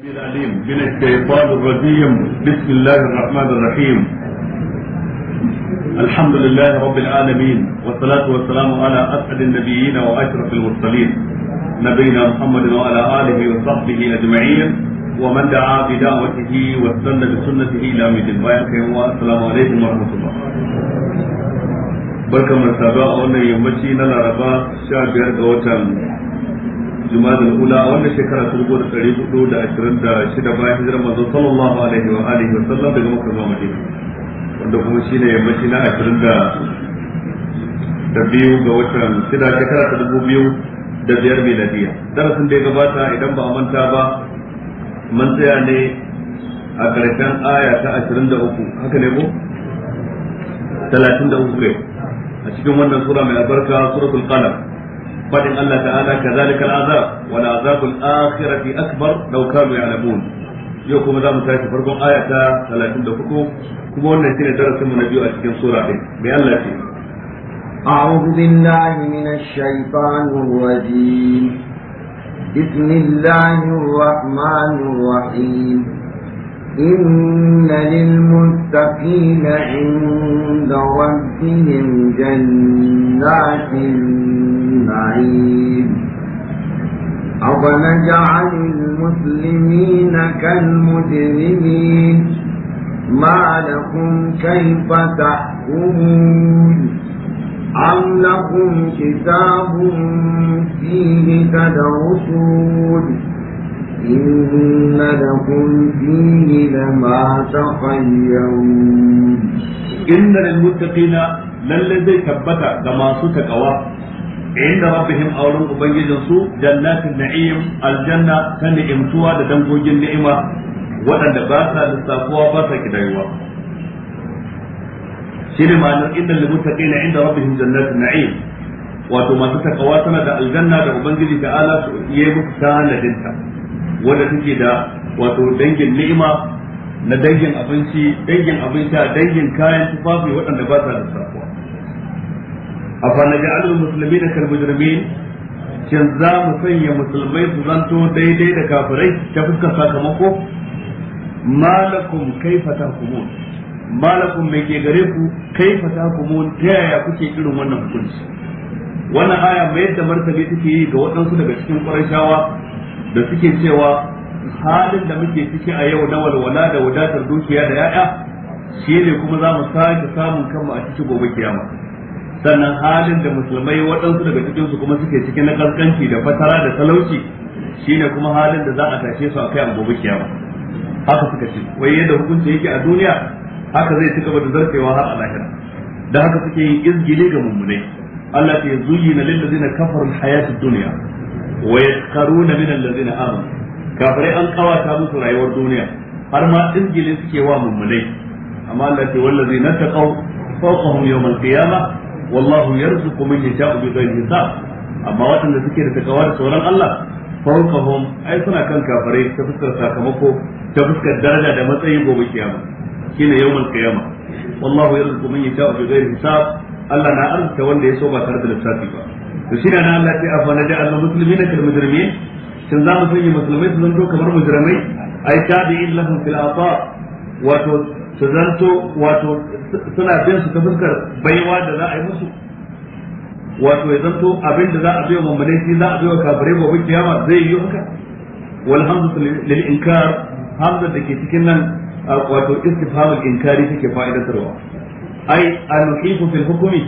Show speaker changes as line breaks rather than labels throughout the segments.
العليم من الشيطان الرجيم بسم الله الرحمن الرحيم الحمد لله رب العالمين والصلاة والسلام على أسعد النبيين وأشرف المرسلين نبينا محمد وعلى آله وصحبه أجمعين ومن دعا بدعوته واستنى بسنته إلى مد والسلام عليكم ورحمة الله بركة من سابقة أولا يمشينا لربا شاكر jumada kula a wanda shekara ta dubu da hudu da ashirin da shida bayan hijirar manzo sallallahu alaihi wa alihi wa sallam daga makka zuwa madina wanda kuma shine yammaci na ashirin da da biyu ga watan shida shekara ta dubu biyu da biyar miladiya darasin da ya gabata idan ba a manta ba mun tsaya ne a ƙarshen aya ta ashirin da uku haka ne ko talatin da uku ne a cikin wannan sura mai albarka suratul qalam فإن الله تعالى كذلك العذاب والعذاب الآخرة أكبر لو كانوا يعلمون يوكم ذا متاشي فرقم آية 33 كما أن نسينا
درس من نبيو
أشكين سورة بأن
أعوذ بالله من الشيطان الرجيم بسم الله الرحمن الرحيم إن للمتقين عند ربهم جنات النعيم أفنجعل المسلمين كالمجرمين ما لكم كيف تحكمون أم لكم كتاب فيه تدرسون إن لكم فيه لما تخيرون
إن للمتقين للذي ثبت كما ستقوى عند ربهم أولون أبيض سوء جنات النعيم الجنة تنعم سوى لدنكو جن نعمة وأن باسا للصافوة باسا كدايوة shine ma'anar innal muttaqina inda rabbihim jannatun na'im wato masu takawa tana da aljanna da ubangiji da ala su yi musu tanadinta wanda take da wato dangin ni'ima na dangin abinci dangin abinci a dangin kayan tufafi waɗanda ba sa safuwa. a ga alu musulmi da kalmujirmi shin za mu sanya musulmai su zanto daidai da kafirai ta fuskar sakamako malakum kaifa tahkumun malakum me ke gare ku kaifa kumun ta yaya kuke irin wannan hukunci wannan aya mai yadda martabi take yi ga waɗansu daga cikin ƙurashawa da suke cewa halin da muke ciki a yau na walwala da wadatar dukiya da yaya shi ne kuma za mu sake samun kanmu a cikin gobe kiyama sannan halin da musulmai waɗansu daga cikin su kuma suke cikin na kaskanci da fatara da talauci shi ne kuma halin da za a tashe su a kai a gobe kiyama haka suka ce wai yadda hukunci yake a duniya haka zai ci gaba da zartewa har a lahira da haka suke yin izgili ga mummunai Allah ya zuyi na ladzina na al-hayatid dunya wa yaskaruna min allazina amanu kafare an kawata musu rayuwar duniya har ma ingili suke wa mummunai amma Allah ce wallazi na taqaw fawqahum yawm al-qiyamah wallahu yarzuqu man yasha'u bi ghayri hisab amma wanda suke da takawa da sauran Allah fawqahum ai suna kan kafirai ta fuskar sakamako ta fuskar daraja da matsayin gobe kiyama shine yawm al-qiyamah wallahu yarzuqu man yasha'u bi ghayri hisab Allah na arzuta wanda ya so ba tare da lissafi ba to shi da na Allah sai afa na da Allah musulmi na kal mujrimin shin za mu sanya musulmai su zanto kamar mujrimai ai tabi'in lahum fil ata wato su zanto wato suna bin su ta fuskar baiwa da za a yi musu wato ya zanto abin da za a bai wa mummune shi za a bai wa kafirai gobe kiyama zai yi haka wal hamdu lil inkar hamza da ke cikin nan wato istifhamul inkari take fa'idatarwa ai anuqifu fil hukumi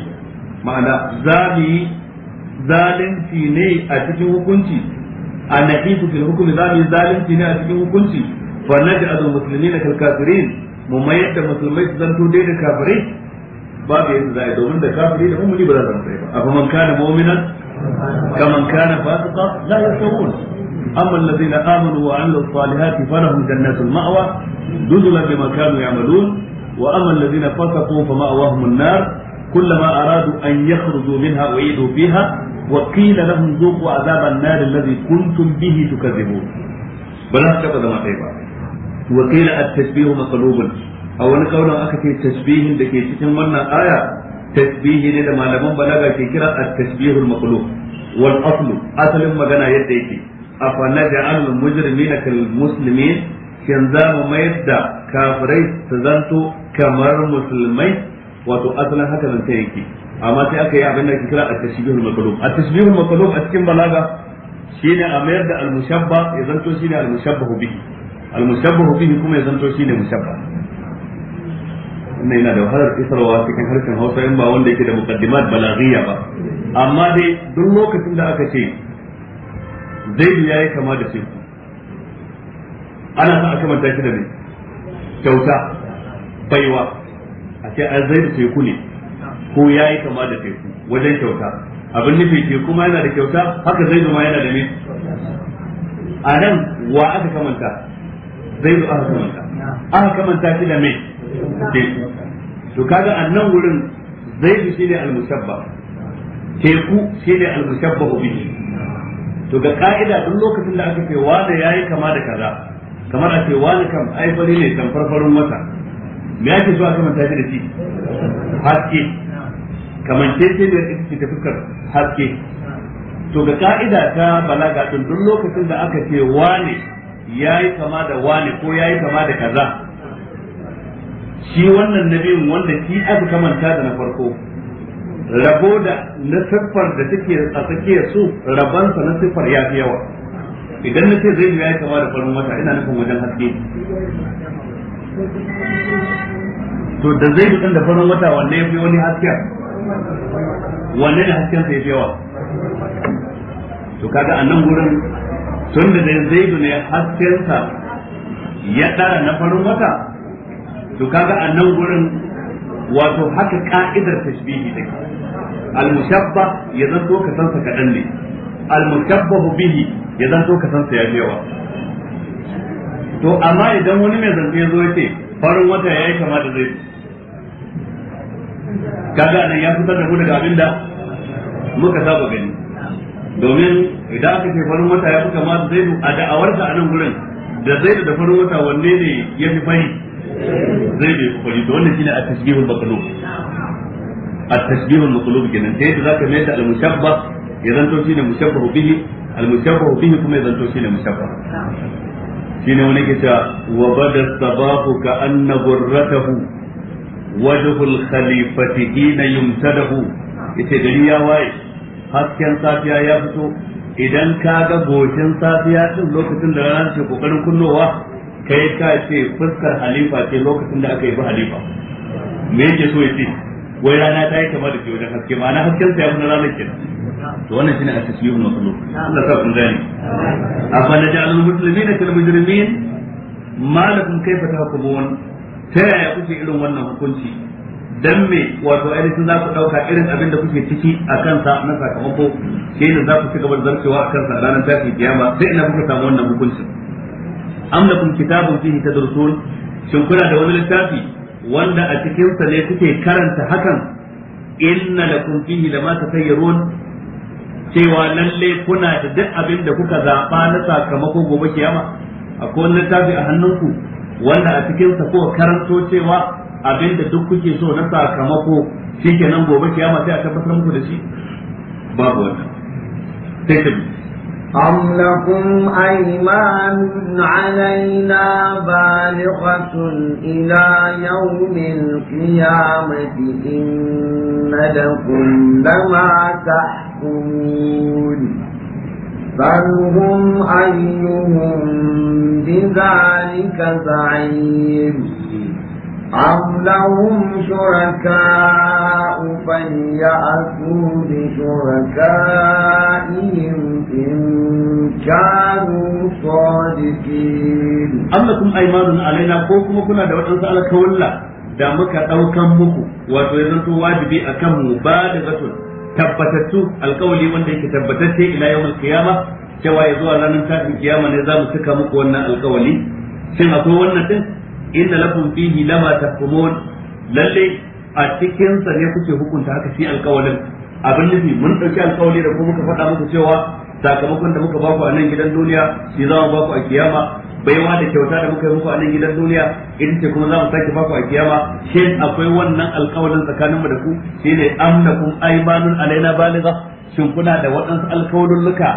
ma'ana za mu yi zalunci ne a cikin hukunci a nahifu fil hukmi za mu zalunci ne a cikin hukunci fa naj'al muslimin kal kafirin mu mayar da musulmai su zanto dai da kafirai babu yadda za a yi domin da kafiri da mummuni ba za su tsaye ba afa man kana mu'minan kaman kana fasiqa la yasawun amma alladhina amanu wa 'amilu salihati falahum jannatul ma'wa dudulan bima kanu ya'malun wa amma alladhina fasaqu fa ma'wahum an-nar كلما أرادوا أن يخرجوا منها أعيدوا فيها wa qila a dhuqu na nar alladhi kuntum bihi tukadzibun ba za su taba zama ɗaya ba wa qila at a wani kaulan aka ce tasbihin da ke cikin wannan aya tasbihi ne da malaman balaga ke kira at-tasbihul maqlub wal aslu asalin magana yadda yake afana ja'alul mujrimina kal muslimin shin za mu mayar da kafirai su kamar musulmai wato asalin haka zan yake amma sai aka yi abin da ake kira a tashbihul makalum a tashbihul makalum a cikin balaga shine a mayar da al-mushabba ya zanto shine al-mushabbahu bihi al-mushabbahu bihi kuma ya zanto shine mushabba wannan yana da wahalar isarwa cikin harshen Hausa in ba wanda yake da muqaddimat balaghiya ba amma dai duk lokacin da aka ce zaidu yayi kama da teku ana sa aka manta shi da ne kyauta baiwa a ce an zaidu teku ne ko ya yi kama da teku wajen kyauta abin nufi teku ma yana da kyauta haka zai ma yana da ne a nan wa aka kamanta zai zo aka kamanta aka kamanta shi da mai teku to kaga a nan wurin zai shi ne al teku shi ne al-mushabba to ga ka'ida duk lokacin da aka ce ya yi kama da kaza kamar a ce da kam ai ne tamfar farin wata me ake so aka kamanta shi da shi
haske
kamanceceniyar ita ce ta fuskar haske to ga ka'ida ta balaga tun duk lokacin da aka ce wane yayi kama da wane ko yayi kama da kaza shi wannan nabiyin wanda shi aka kamanta da na farko rabo da na siffar da take a tsakiyar su rabansa na siffar ya fi yawa idan na ce zai ya kama da farin wata ina nufin wajen haske to da zai kan da farin wata wanne ya fi wani haske wanne ne hasken sa yafi yawa to kaga a nan gurin tun da zaidu ne hasken sa ya dara na farin wata to kaga a nan gurin wato haka ka'idar tashbihi take al-mushabba ya zanto ka san sa kadan ne al-mushabbahu bihi ya zanto ka san sa yafi yawa to amma idan wani mai zance ya zo ce farin wata yayi kama da zaidu kaga anan ya fitar da mu daga abinda muka saba gani domin idan aka ce farin wata ya fi kama da zaidu a da'awarsa a nan gurin da zaidu da farin wata wanne ne ya fi fari zaidu ko fi fari da wannan shine a tasbihul maqlub a tasbihul maqlub kenan sai da zaka mai da al mushabba ya zanto shine mushabba bihi al mushabba bihi kuma ya zanto shine mushabba shine wani ke cewa wa bada sabahu ka anna ghurratahu wajhul khalifati hina yumtadahu yace gari ya waye hasken safiya ya fito idan ka ga goshin safiya din lokacin da rana ke kokarin kunnowa kai ka ce fuskar halifa ce lokacin da aka yi ba halifa me yake so yace wai rana ta yi da ke wajen haske ma'ana hasken sa ya fi na ranar kenan to wannan shine at-tasyih wa sulu Allah ta kun gani afa naj'alul muslimina kal mujrimin ma lakum kayfa tahkumun ta yaya kuke irin wannan hukunci dan me wato ainihin za ku dauka irin abin da kuke ciki a kansa na sakamako ke ne za ku ci gaba da zarcewa a kansa ranar tafi, kiyama sai ina kuka samu wannan hukunci? am kun kitabun fihi tadrusun shin kuna da wani littafi wanda a cikin sa ne kuke karanta hakan inna lakum fihi lama tatayyarun cewa lalle kuna da duk abin da kuka zaba na sakamako gobe kiyama akwai wani littafi a hannunku wanda a cikin sa ko karanto cewa abinda duk kuke so na sakamako shikenan gobe kiyama sai a tabbatar muku da shi babu wannan
sai ta
أم لكم أيمان علينا بالغة إلى يوم القيامة إن لكم لما تحكمون سلهم أيهم بذلك زعيم أم لهم شركاء فليأتوا بشركائهم إن كانوا صادقين أم لكم أيمان علينا كوكم كنا دوت أنسألك ولا da muka ɗaukan
muku wato yanzu wajibi a kanmu ba da zaton tabbatattu alkawali wanda yake tabbatacce ila yawan kiyama cewa ya zuwa ranar tafi kiyama ne za mu cika muku wannan alkawali shin akwai wannan din inda lafin fihi lama tahkumun lalle a cikinsa sa ne kuke hukunta haka shi alkawalin abin nufi mun dauki alkawali da kuma muka faɗa muku cewa sakamakon da muka baku a nan gidan duniya shi za mu baku a kiyama baiwa da kyauta da muka yi muku a nan gidan duniya idan ce kuma za mu sake baku a kiyama shin akwai wannan alkawarin tsakaninmu da ku amna kun aymanun alaina baliga shin kuna da waɗansu luka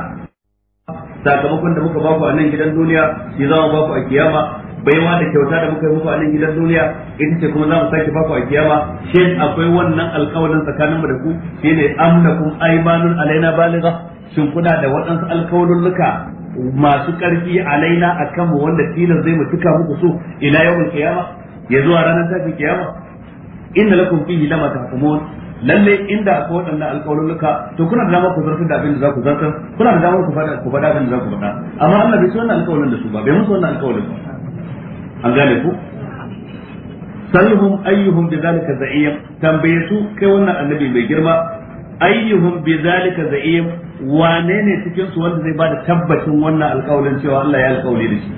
sakamakon da muka baku a nan gidan duniya shi za mu baku a kiyama baiwa da kyauta da muka yi muku a nan gidan duniya ita ce kuma za mu sake baku a kiyama shin akwai wannan alkawarin tsakaninmu da ku amna kun aymanun alaina baliga shin kuna da waɗansu luka masu karfi alaina akan mu wanda tilan zai mu tuka muku so ila yawmul qiyama ya zuwa ranar tashin kiyama inna lakum fihi ta tahkumun lalle inda akwai waɗannan alƙawalulluka to kuna da dama ku zartar da abin da za ku zartar kuna da dama ku faɗa ku faɗa abin da za ku faɗa amma Allah bai so wannan alƙawarin da su ba bai musu wannan alƙawarin. ba an gane ku salhum ayyuhum bidhalika za'im tambaye su kai wannan annabi mai girma ayyuhum bidhalika za'im wane ne cikin su wanda zai bada tabbacin wannan alƙawalin cewa Allah ya alƙawali da shi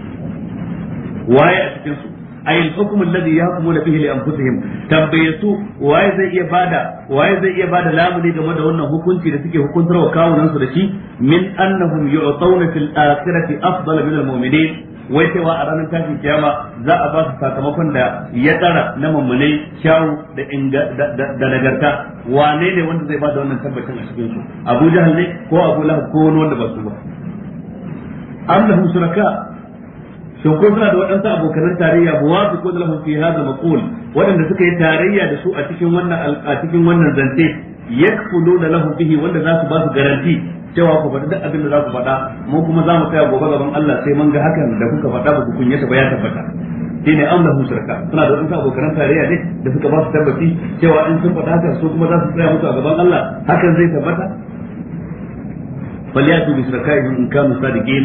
waye a cikin su ay al-hukm alladhi yahkumuna bihi li anfusihim tabbayatu waye zai iya bada waye zai iya bada lamuni game da wannan hukunci da suke hukuntar wa kawunan su da shi min annahum yu'tawna fil akhirati afdal min al-mu'minin wai cewa a ranar tashin kiyama za a ba su sakamakon da ya tsara na mummunai kyawu da da nagarta wane ne wanda zai ba da wannan tabbacin a cikin su Abu Jahal ne ko Abu Lahab ko wani wanda ba su ba amma hu suraka shin ko suna da waɗansu abokan tarayya wa su ko lahum fi hada maqul waɗanda suka yi tarayya da su a cikin wannan a cikin wannan zance yakfulu lahu bihi wanda za su ba su garanti cewa ku faɗi duk abin da za ku faɗa mu kuma za mu tsaya gobe gaban Allah sai mun ga hakan da kuka faɗa ba ku kunyata ba ya tabbata shine an lahu shirka suna da wasu abokan tarayya ne da suka ba su tabbaci cewa in sun faɗa haka su kuma za su tsaya musu a gaban Allah hakan zai tabbata falyatu bi shirkaihim in kanu sadiqin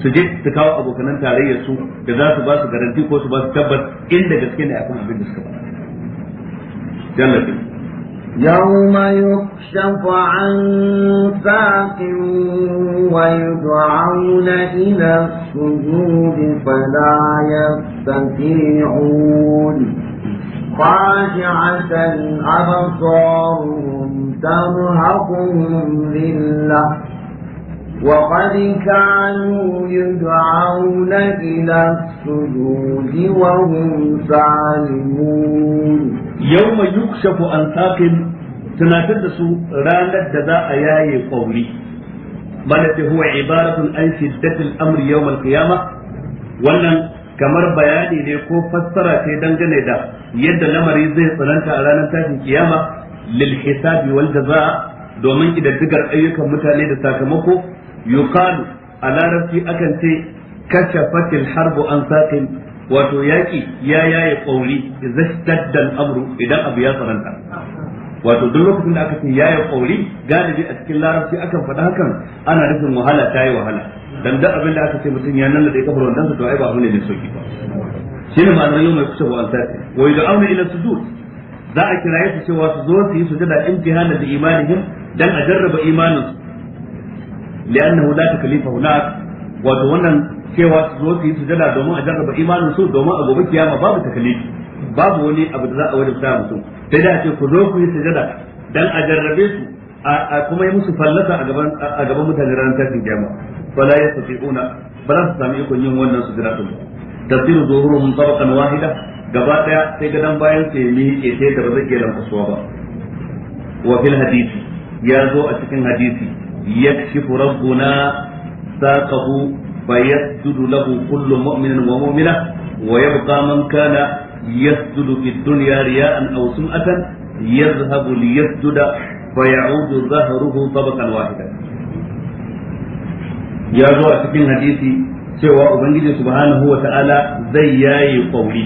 su je su kawo abokan tarayya su da za su ba su garanti ko su ba su tabbata inda gaske ne akan abin da suka faɗa
jallabi
يوم يكشف عن ساق ويدعون إلى السجود فلا يستطيعون خاشعة أبصارهم ترهقهم لله وقد كانوا يدعون إلى السجود وهم سالمون yawma
yukshafu an saqin tunatar da su ranar da za a yaye kwauri malaka huwa ibaratun an shiddatil amri yawmal kiyama wannan kamar bayani ne ko fassara ce dangane da yadda lamari zai tsananta a ranar tashin kiyama lil hisabi wal jazaa domin kididdigar ayyukan mutane da sakamako yuqalu a larabci akan ce kashafatil harbu an saqin wato yaki ya yaye kauri zastaddal amru idan abu ya tsananta wato duk lokacin da aka ce yaye kauri galibi a cikin larabci akan faɗa hakan ana nufin wahala ta yi wahala dan duk abin da aka ce mutum ya nan da kafar wannan sa to ai ba ne mai sauki ba shine ma'anar yau mai kusurwa an sati wa auna ila sujud za a kira su cewa su zo su yi sujada hana da imanihim dan a jarraba imanin li'annahu la takalifa hunak wato wannan cewa su zo su yi sujada domin a jarraba imanin su domin a gobe kiyama babu takalifi babu wani abu da za a wajabta mutum sai da ce ku zo ku yi sujada dan a jarrabe su a kuma yi musu fallasa a gaban a gaban mutane ran tashin kiyama fala yastati'una ba su sami ikon yin wannan sujada din tafsiru mun tabaqan wahida gaba daya sai gadan bayan sai ke sai da ba zai ke lankwasuwa ba wa fil hadisi ya zo a cikin hadisi yakshifu rabbuna saqahu فيسجد له كل مؤمن ومؤمنة ويبقى من كان يسجد في الدنيا رياء أو سمعة يذهب ليسجد فيعود ظهره طبقا واحدا يا زوء cikin hadisi cewa ubangiji subhanahu wa ta'ala zai yaye kauri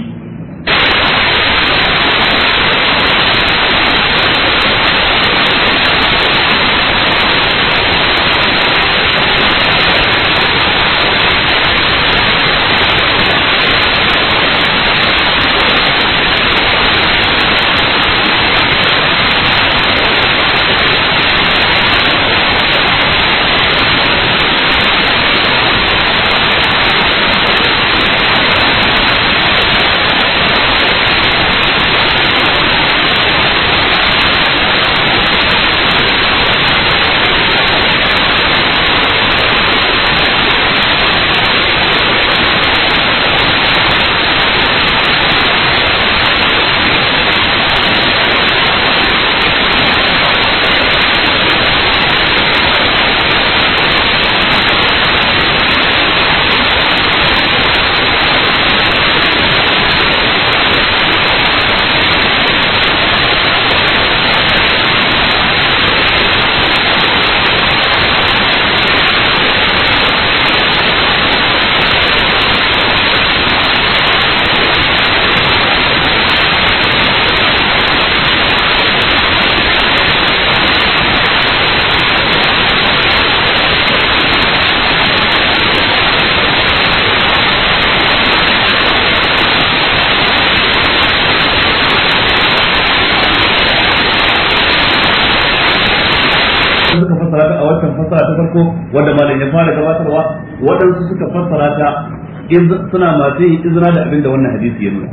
suna masu yin izina da abin da wannan hadisi ya nuna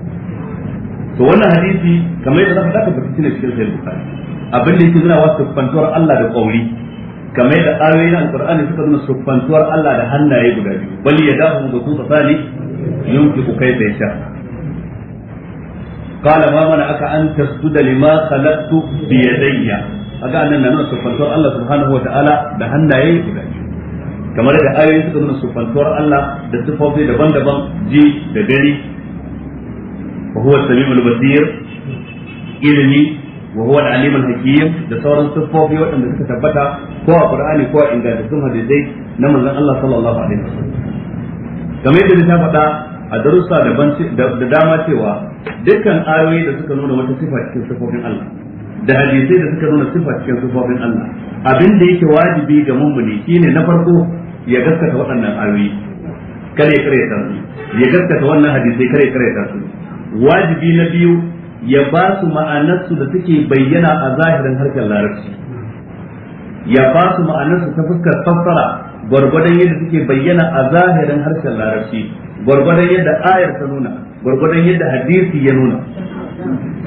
to wannan hadisi kamar yadda na faɗa ka fahimci ne cikin sahih bukhari abin da yake nuna wasu fantuwar Allah da kauri kamar yadda ayoyin alqur'ani suka nuna fantuwar Allah da hannaye guda biyu bal yadahu mabsuutatan yunfiqu kayfa yasha قال ما منعك أن تسجد لما خلقت بيدي أجعلنا نرى سبحانه الله سبحانه وتعالى بهنا يقول kamar da ayoyi suka nuna sufantuwar Allah da sifofi daban-daban ji da gani wa huwa samiul basir ilimi wa huwa al-alim al-hakim da sauran sifofi waɗanda suka tabbata ko a Qur'ani ko a ingantattun hadisai na manzon Allah sallallahu alaihi wasallam kamar yadda ta faɗa a darussa da dama cewa dukkan ayoyi da suka nuna wata sifa cikin sifofin Allah da hadisai da suka nuna sifa cikin sifofin Allah abin da yake wajibi ga mummuni shine na farko ya gaskata waɗannan ayoyi kare kare ta su ya gaskata wannan hadisai kare kare ta su wajibi na biyu ya ba su ma'anarsu da suke bayyana a zahirin harkar larabci ya ba su ma'anarsu ta fuskar fassara gwargwadon yadda suke bayyana a zahirin harkar larabci gwargwadon yadda ayar ta nuna gwargwadon yadda hadisi ya nuna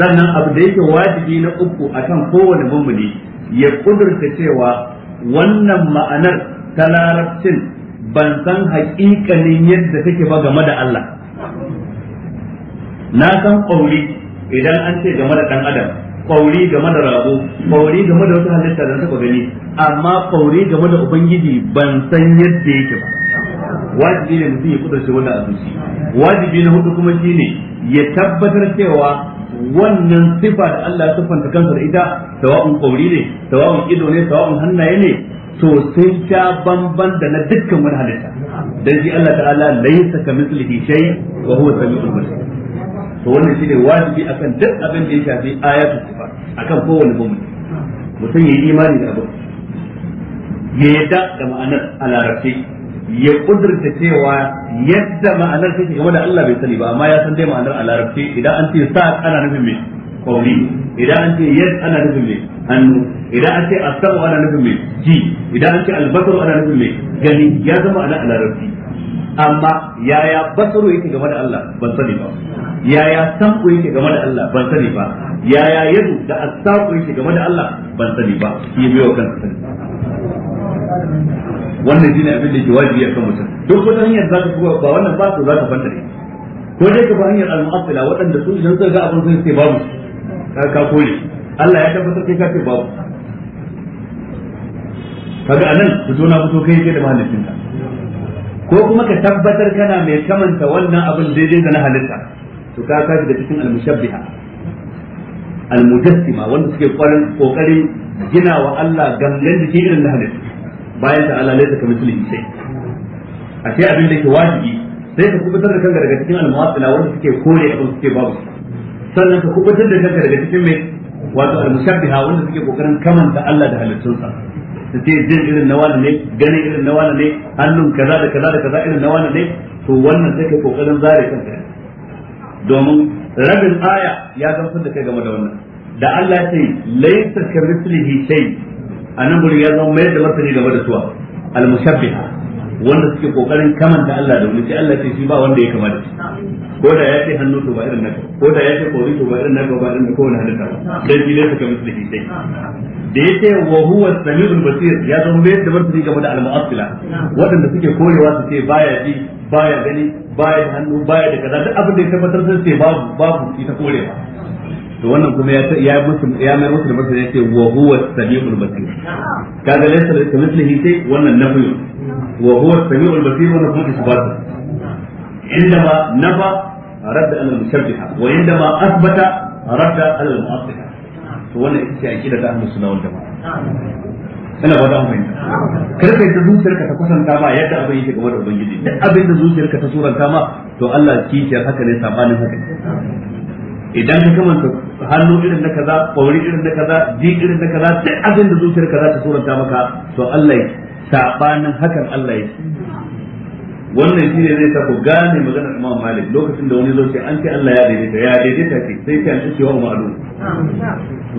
sannan abu da yake wajibi na uku akan kowane mummuni ya kudurta cewa wannan ma'anar ta larabcin ban san haƙiƙanin yadda take ba game da Allah na san ƙauri idan an ce game da ɗan adam ƙauri game da rabo ƙauri game da wata halitta da taɓa gani amma ƙauri game da ubangiji ban san yadda yake ba wajibi ne mutum ya kudurce wanda a zuci wajibi na hudu kuma shi ne, ya tabbatar cewa wannan sifa da Allah ya siffanta kansa da ita tawa'un ƙauri ne tawa'un ido ne tawa'un hannaye ne to sun sha bamban da na dukkan wani halitta dan shi Allah ta'ala laysa kamithlihi shay wa huwa samiul basir to wannan shine wajibi akan duk abin da ya shafi ayatu sifat akan kowane mu'min mutum yayi imani da abin ya yadda da ma'anar a larabci ya kudurta cewa yadda ma'anar take game da Allah bai sani ba amma ya san dai ma'anar a larabci idan an ce sa ana nufin me kauli idan an ce yad ana nufin me hannu idan an ce asabu ana nufin mai ji idan an ce albasaru ana nufin mai gani ya zama ana a larabci amma yaya basaru yake game da Allah ban sani ba yaya sam'u yake game da Allah ban sani ba yaya yadu da asabu yake game da Allah ban sani ba shi biyo kan sani wannan jini abin da ke wajibi akan mutum duk wata hanyar za ka ba wannan ba su za ka fantare ko dai ka ba hanyar al-mu'attila waɗanda su idan suka ga abin sun ce babu ka ka kore Allah ya tabbatar kai ka ce babu kaga anan fito na fito kai kai da mahalicinka ko kuma ka tabbatar kana mai kamanta wannan abin daidai da na halitta to ka kashi da cikin almushabbiha
almujassima
wanda suke kwarin kokarin gina wa Allah gangan jiki irin na halitta bayan ta Allah laisa kamithlihi shay a sai abin da ke wajibi sai ka kubutar da kanka daga cikin al almuwassila wanda suke kore abin suke babu sannan ka kubutar da kanka daga cikin mai wato almushabbiha wanda suke kokarin kamanta Allah da halittunsa su ce jin irin na wani ne ganin irin na wani ne hannun kaza da kaza da kaza irin na wani ne to wannan take kokarin zare kanka domin rabin aya ya gamsar da kai game da wannan da Allah ya ce laysa kamithlihi shay anan gurin ya zama mai da martani game da suwa al-mushabbiha wanda suke kokarin kamanta Allah da wani sai Allah ce shi ba wanda ya kamata ko da ya ce hannu to ba irin naka ko da ya ce kori to ba irin naka ba irin kowane halitta ba dan shi ne suka musu da sai da ce wa huwa samiul basir ya zama bai da martani game da al-mu'assila wanda suke korewa su ce baya ji baya gani baya hannu baya da kaza duk abin da ya tabbatar sai babu babu ita korewa to wannan kuma ya ya musu ya mai musu musu ya ce wa huwa samiul basir kaga laysa laysa mithlihi sai wannan nafi wa huwa samiul basir wannan kuma isbat عندما نفى رد على المشبهه وعندما اثبت رد على المؤصله wannan ita ce akida ta ahlus sunna wal
jamaa ina ba za mu fahimta kar kai
da zuciyarka ta kwatanta ma yadda abin yake game da ubangiji duk abin da zuciyarka ta suranta ma to Allah kishiyar haka ne sabanin haka idan ka kamanta hannu irin na kaza kwauri irin na kaza ji irin na kaza duk abin da zuciyar kaza ta suranta maka to Allah ya sabanin hakan Allah ya wannan shi ne zai sa ku gane maganar Imam Malik lokacin da wani zo sai an ce Allah ya daidaita ya daidaita ce sai ka an ce wa ma'lu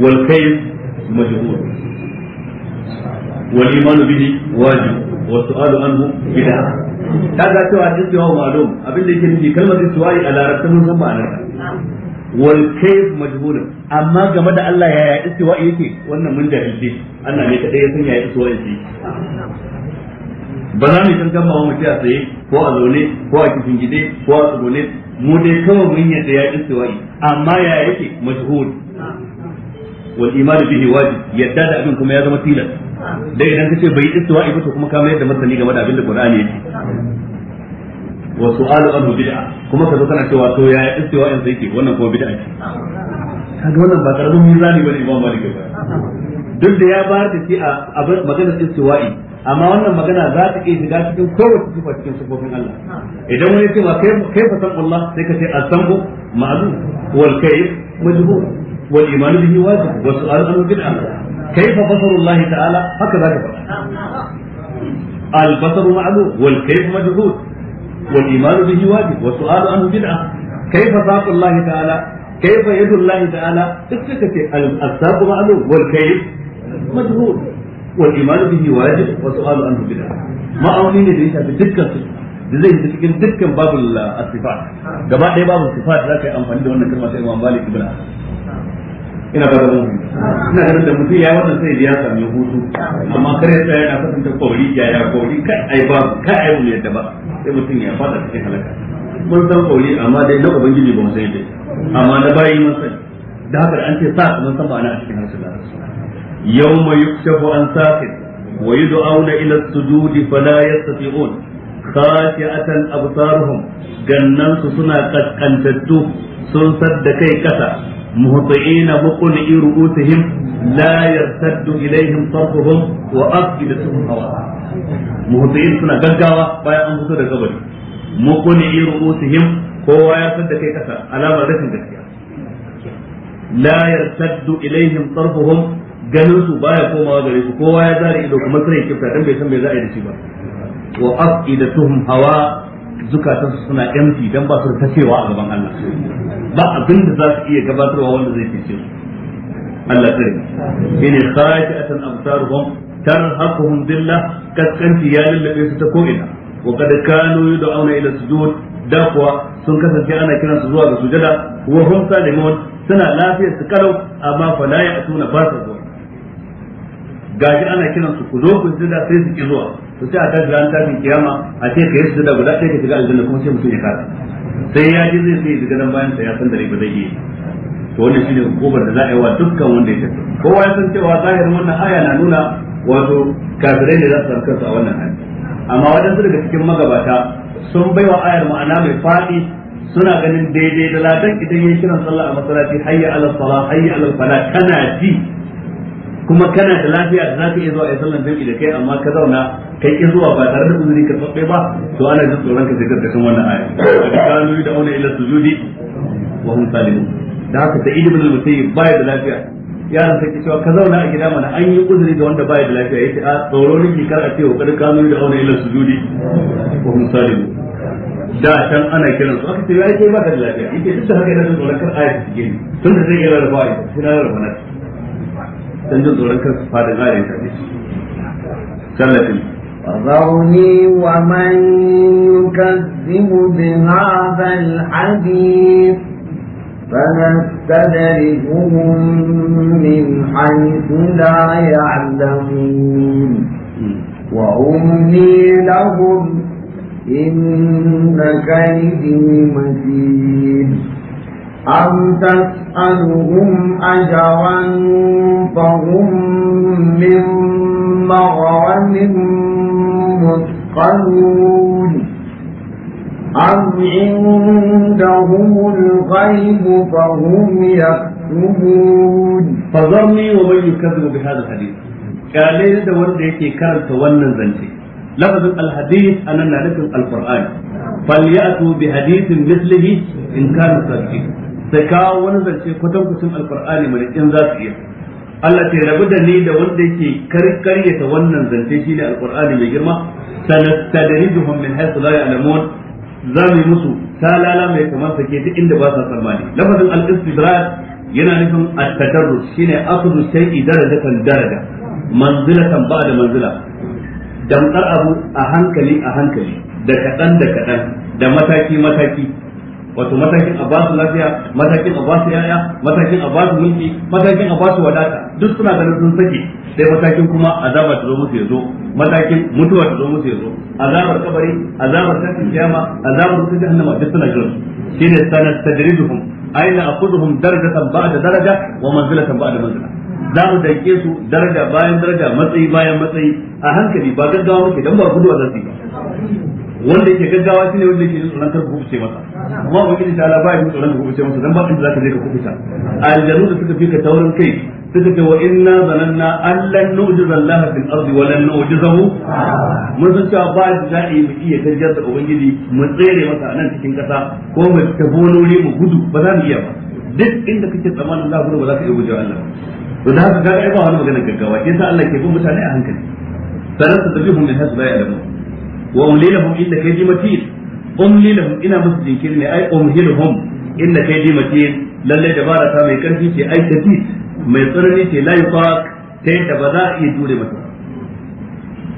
wal kayf majhul wal iman bihi wajib wa su'al anhu bid'ah kaga cewa an ce wa ma'lum abin da yake nufi kalmar istiwa'i a larabta mun san ma'anar wal kayf majhul amma game da Allah yaya istiwa yake wannan mun jahilci Allah ne kadai ya san yaya istiwa yake ba za mu kankan ba mu a tsaye ko a zaune ko a cikin gide ko a tsugune mu dai kawai mun yadda ya istiwa amma yaya yake majhul wal iman bihi wajib yadda da abin kuma ya zama tilas dai idan kace bai istiwa ba to kuma ka mai da martani game da abin da Qur'ani yake wa su'alu anhu bid'a kuma ka zo kana cewa to yaya istiwa yanzu yake wannan kuma bid'a ce kaga wannan ba karamin mizani bane imam malik ba duk da ya bayar da shi a maganar istiwa'i amma wannan magana za ta iya shiga cikin kowace sifa cikin sifofin Allah idan wani ce ma kai fa san Allah sai ka ce asambu ma'azu wal kayf majbur wal iman bihi wajib wa su'al an bid'a kayfa basaru Allah ta'ala haka za ka
faɗa
al basaru ma'lum wal والإيمان به واجب والسؤال عنه بدعة كيف ساق الله تعالى كيف يد الله تعالى افتكت الساق معلوم والكيف مجهول والإيمان به واجب والسؤال عنه بدعة ما أولين ليس بدكة da zai yi cikin dukkan babul asifat gaba ɗaya babul sifat za ka yi amfani da wannan kalma ta imam malik ibn anas ina ba da mu ina ganin da mutum ya wannan sai ya sami hutu amma kare ya tsaya yana kwatanta kauri ya ya kauri kai ai ba kai ai mu yadda ba sai mutum ya fada cikin halaka mun san kauri amma dai na ubangiji ba mu san dai amma na bayi mun san da haka an ce sa mun san ba na cikin harshen yawma yukshafu an saqit wa yud'auna ila as-sujudi fala yastati'un khashi'atan absaruhum gannan su suna kaskantattu sun sadda kai kasa muhti'ina muqni ru'usihim la yartaddu ilaihim tarfuhum wa afidatuhum hawa muhti'in suna gaggawa bayan an fito da kabari muqni ru'usihim kowa ya sadda kai kasa alama rashin gaskiya la yartaddu ilaihim tarfuhum ganin su baya komawa gare su kowa ya zare ido kuma sai kifta dan bai san me za a yi da shi ba wa afidatuhum hawa zukatansu suna empty dan ba su ta cewa a gaban Allah ba abin da za su iya gabatarwa wanda zai fice su Allah kare shine khashi'atan absaruhum tarhaquhum billah kaskanci ya lallabe su ta ko'ina wa kad kanu yud'auna ila sujud da kuwa sun kasance ana kiran su zuwa ga sujada wa hum salimun suna lafiyar su karau amma fa la ya'tuna ba su zuwa gashi ana kiran su ku zo ku sujada sai su ki zuwa to sai a tashi ran tashin kiyama a ce kai sujada guda sai ka shiga aljanna kuma sai mutum ya kasa sai ya ji zai sai shiga dan bayan sa ya san da ba zai yi to wannan shine hukumar da za a yi wa dukkan wanda ya tafi kowa ya san cewa zahirin wannan aya na nuna wato kafirai ne za su sarkar su a wannan hali amma waɗansu daga cikin magabata sun bai wa ayar ma'ana mai faɗi suna ganin daidai da ladan idan ya kiran sallah a masallaci hayya ala salah hayya ala falah kana ji kuma kana da lafiya da zaka iya zuwa ai sallan jami'i da kai amma ka zauna kai ki zuwa ba tare da uzuri ka tsabbe ba to ana jin tsoron ka shigar da kan wannan aya da kanu da auna ila sujudi wa hum salimun da haka sai ibn al-musayyib baya da lafiya ya yaron sai cewa ka zauna a gida mana an yi uzuri ga wanda baya da lafiya yace a tsoro ne kar a ce wa kada kanu da auna ila sujudi wa hum salimun da can ana kiran su aka ce ya kai ka da lafiya yake duk da haka yana da tsoron kar aya ta shige ni tun da zai yi rarraba ita sai na rarraba na dan jin tsoron kar su fada za a yi tafi sallafin
فذرني ومن يكذب بهذا الحديث فنستدرجهم من حيث لا يعلمون وأملي لهم إن كيدي متين أم تسألهم أجرا فهم من مغرم مثقلون أم عندهم الغيب فهم يكتبون
فذرني ومن يكذب بهذا الحديث قال لي ده wanda yake karanta wannan zance lafazin alhadith anan na Falya alqur'ani falyatu bihadithin mislihi in sai kawo wani zance kwatankwacin alkur'ani mai in za su iya Allah ta rabu da ni da wanda yake karkaryata wannan zance shine alkur'ani mai girma sanastadrijuhum min haythu la ya'lamun za mu yi musu talala mai kamar sake duk inda ba sa tsammani lafazin al-istidraj yana nufin at-tadarrus shine akhudhu shay'i darajatan daraja manzilatan ba'da manzila damkar abu a hankali a hankali da kaɗan da kaɗan da mataki mataki wato matakin a basu lafiya matakin a basu yaya matakin a basu mulki matakin a basu wadata duk suna ganin sun sake sai matakin kuma azaba ta zo musu ya zo matakin mutuwa ta zo musu ya zo azabar kabari azabar tashin kiyama azabar rusul jahannama duk suna jiran shi ne sanar tadrijuhum aina akuzuhum darajatan ba'da daraja wa manzilatan ba'da manzila za mu danke su daraja bayan daraja matsayi bayan matsayi a hankali ba gaggawa muke dan ba gudu a zasu ba wanda yake gaggawa shine wanda yake tsoron kar kubuce masa amma ubangiji ta Allah ba ya tsoron kubuce masa dan ba inda zaka je ka kubuta aljanu da suka fika taurin kai suka ce wa inna zananna allan nu'jiza Allah fil ardi wa lan nu'jizahu mun san cewa ba da za'i mu iya tarjiyar da ubangiji mu tsere masa nan cikin kasa ko mu ta wani mu gudu ba za mu iya ba duk inda kake tsammanin Allah gudu ba za ka iya gujewa Allah to da haka kaga ai ba wani magana gaggawa sai Allah ke bin mutane a hankali sanan su tafi hun min hasu da ya wa umlilahum inna kaydi matin umlilahum ina musu jinkiri ne ai umhilhum inna kaydi matin lalle dabara ta mai karfi ce ai katit mai tsarni ce la yufaq ta yadda ba za a iya jure mata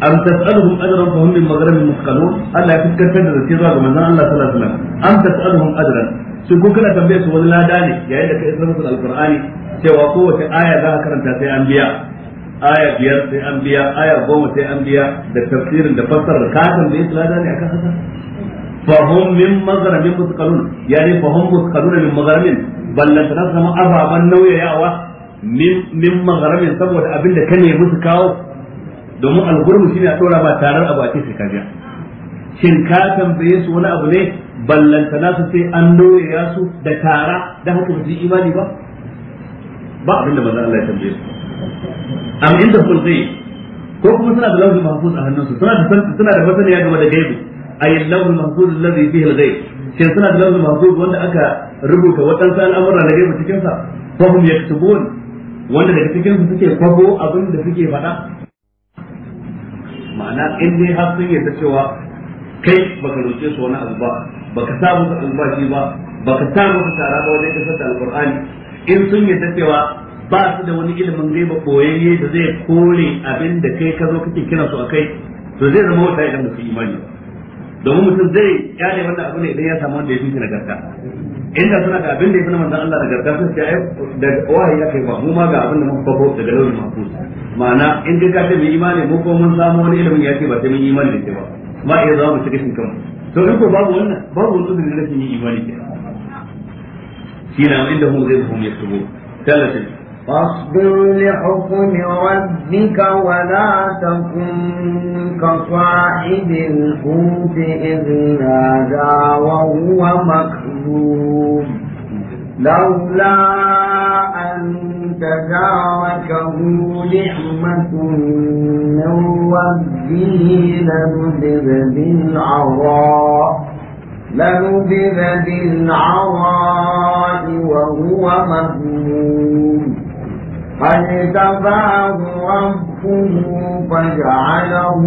am tas'aluhum ajran fa hum min maghramin muthqalun Allah ya fuskantar da zace zuwa ga manzon Allah sallallahu alaihi wasallam am tas'aluhum ajran su ko kana tambaye su wani lada ne yayin da ka isra musu alqur'ani cewa kowace aya za ka karanta sai an biya aya biyar sai an biya aya goma sai an biya da tafsirin da fassarar katon da islada ne akan haka fahum min mazramin musqalun yani fahum musqaluna min mazramin ballanta na zama ababan nauyayawa min min mazramin saboda abin da ka ne musu kawo domin algurmu shine a dora ba tarar a baki sai ka biya shin ka tambaye su wani abu ne ballanta na su sai an nauyaya su da tara da haka su imani ba ba abinda da manzo Allah ya tambaye su am inda kun ko kuma suna da lauhi mahfuz a hannunsu suna da suna da masaniya game da gaibi ayin lauhi mahfuz alladhi fihi al-ghaib sai suna da lauhi mahfuz wanda aka rubuta waɗansu al'amura na gaibi cikin sa fa hum yaktubun wanda daga cikin su suke kwabo abin da suke faɗa ma'ana in dai har sun yarda cewa kai baka roƙe su wani abu ba baka sa musu albashi ba baka sa musu tara ba wajen kasar da alqur'ani in sun yarda cewa ba su da wani ilimin gaiba koyayye da zai kore abin da kai ka zo kake kira su akai to zai zama wata idan mutum imani domin mutum zai kyale wannan abu ne idan ya samu wanda ya fi na nagarta inda suna da abin da ya fi na manzon Allah nagarta sun ce ai da wahayi ya kai ba mu ma ga abin da muka fako daga lauyin mafu ma'ana in dai ka ce mai imani mu ko mun samu wani ilimin ya ce ba sai mun imani da ke ba ma iya zama mu shiga shi kanmu to in ko babu wannan babu wani uzuri da rashin yin imani ke shi na inda mu zai fahimci su tallafin
فاصبر لحكم ربك ولا تكن كصاحب الحوت إذ نادى وهو مكذوب لولا أن تداركه نعمة من ربه لنبذ بالعراء لنبذ بالعراء وهو مذموم قد تبعه ربه فجعله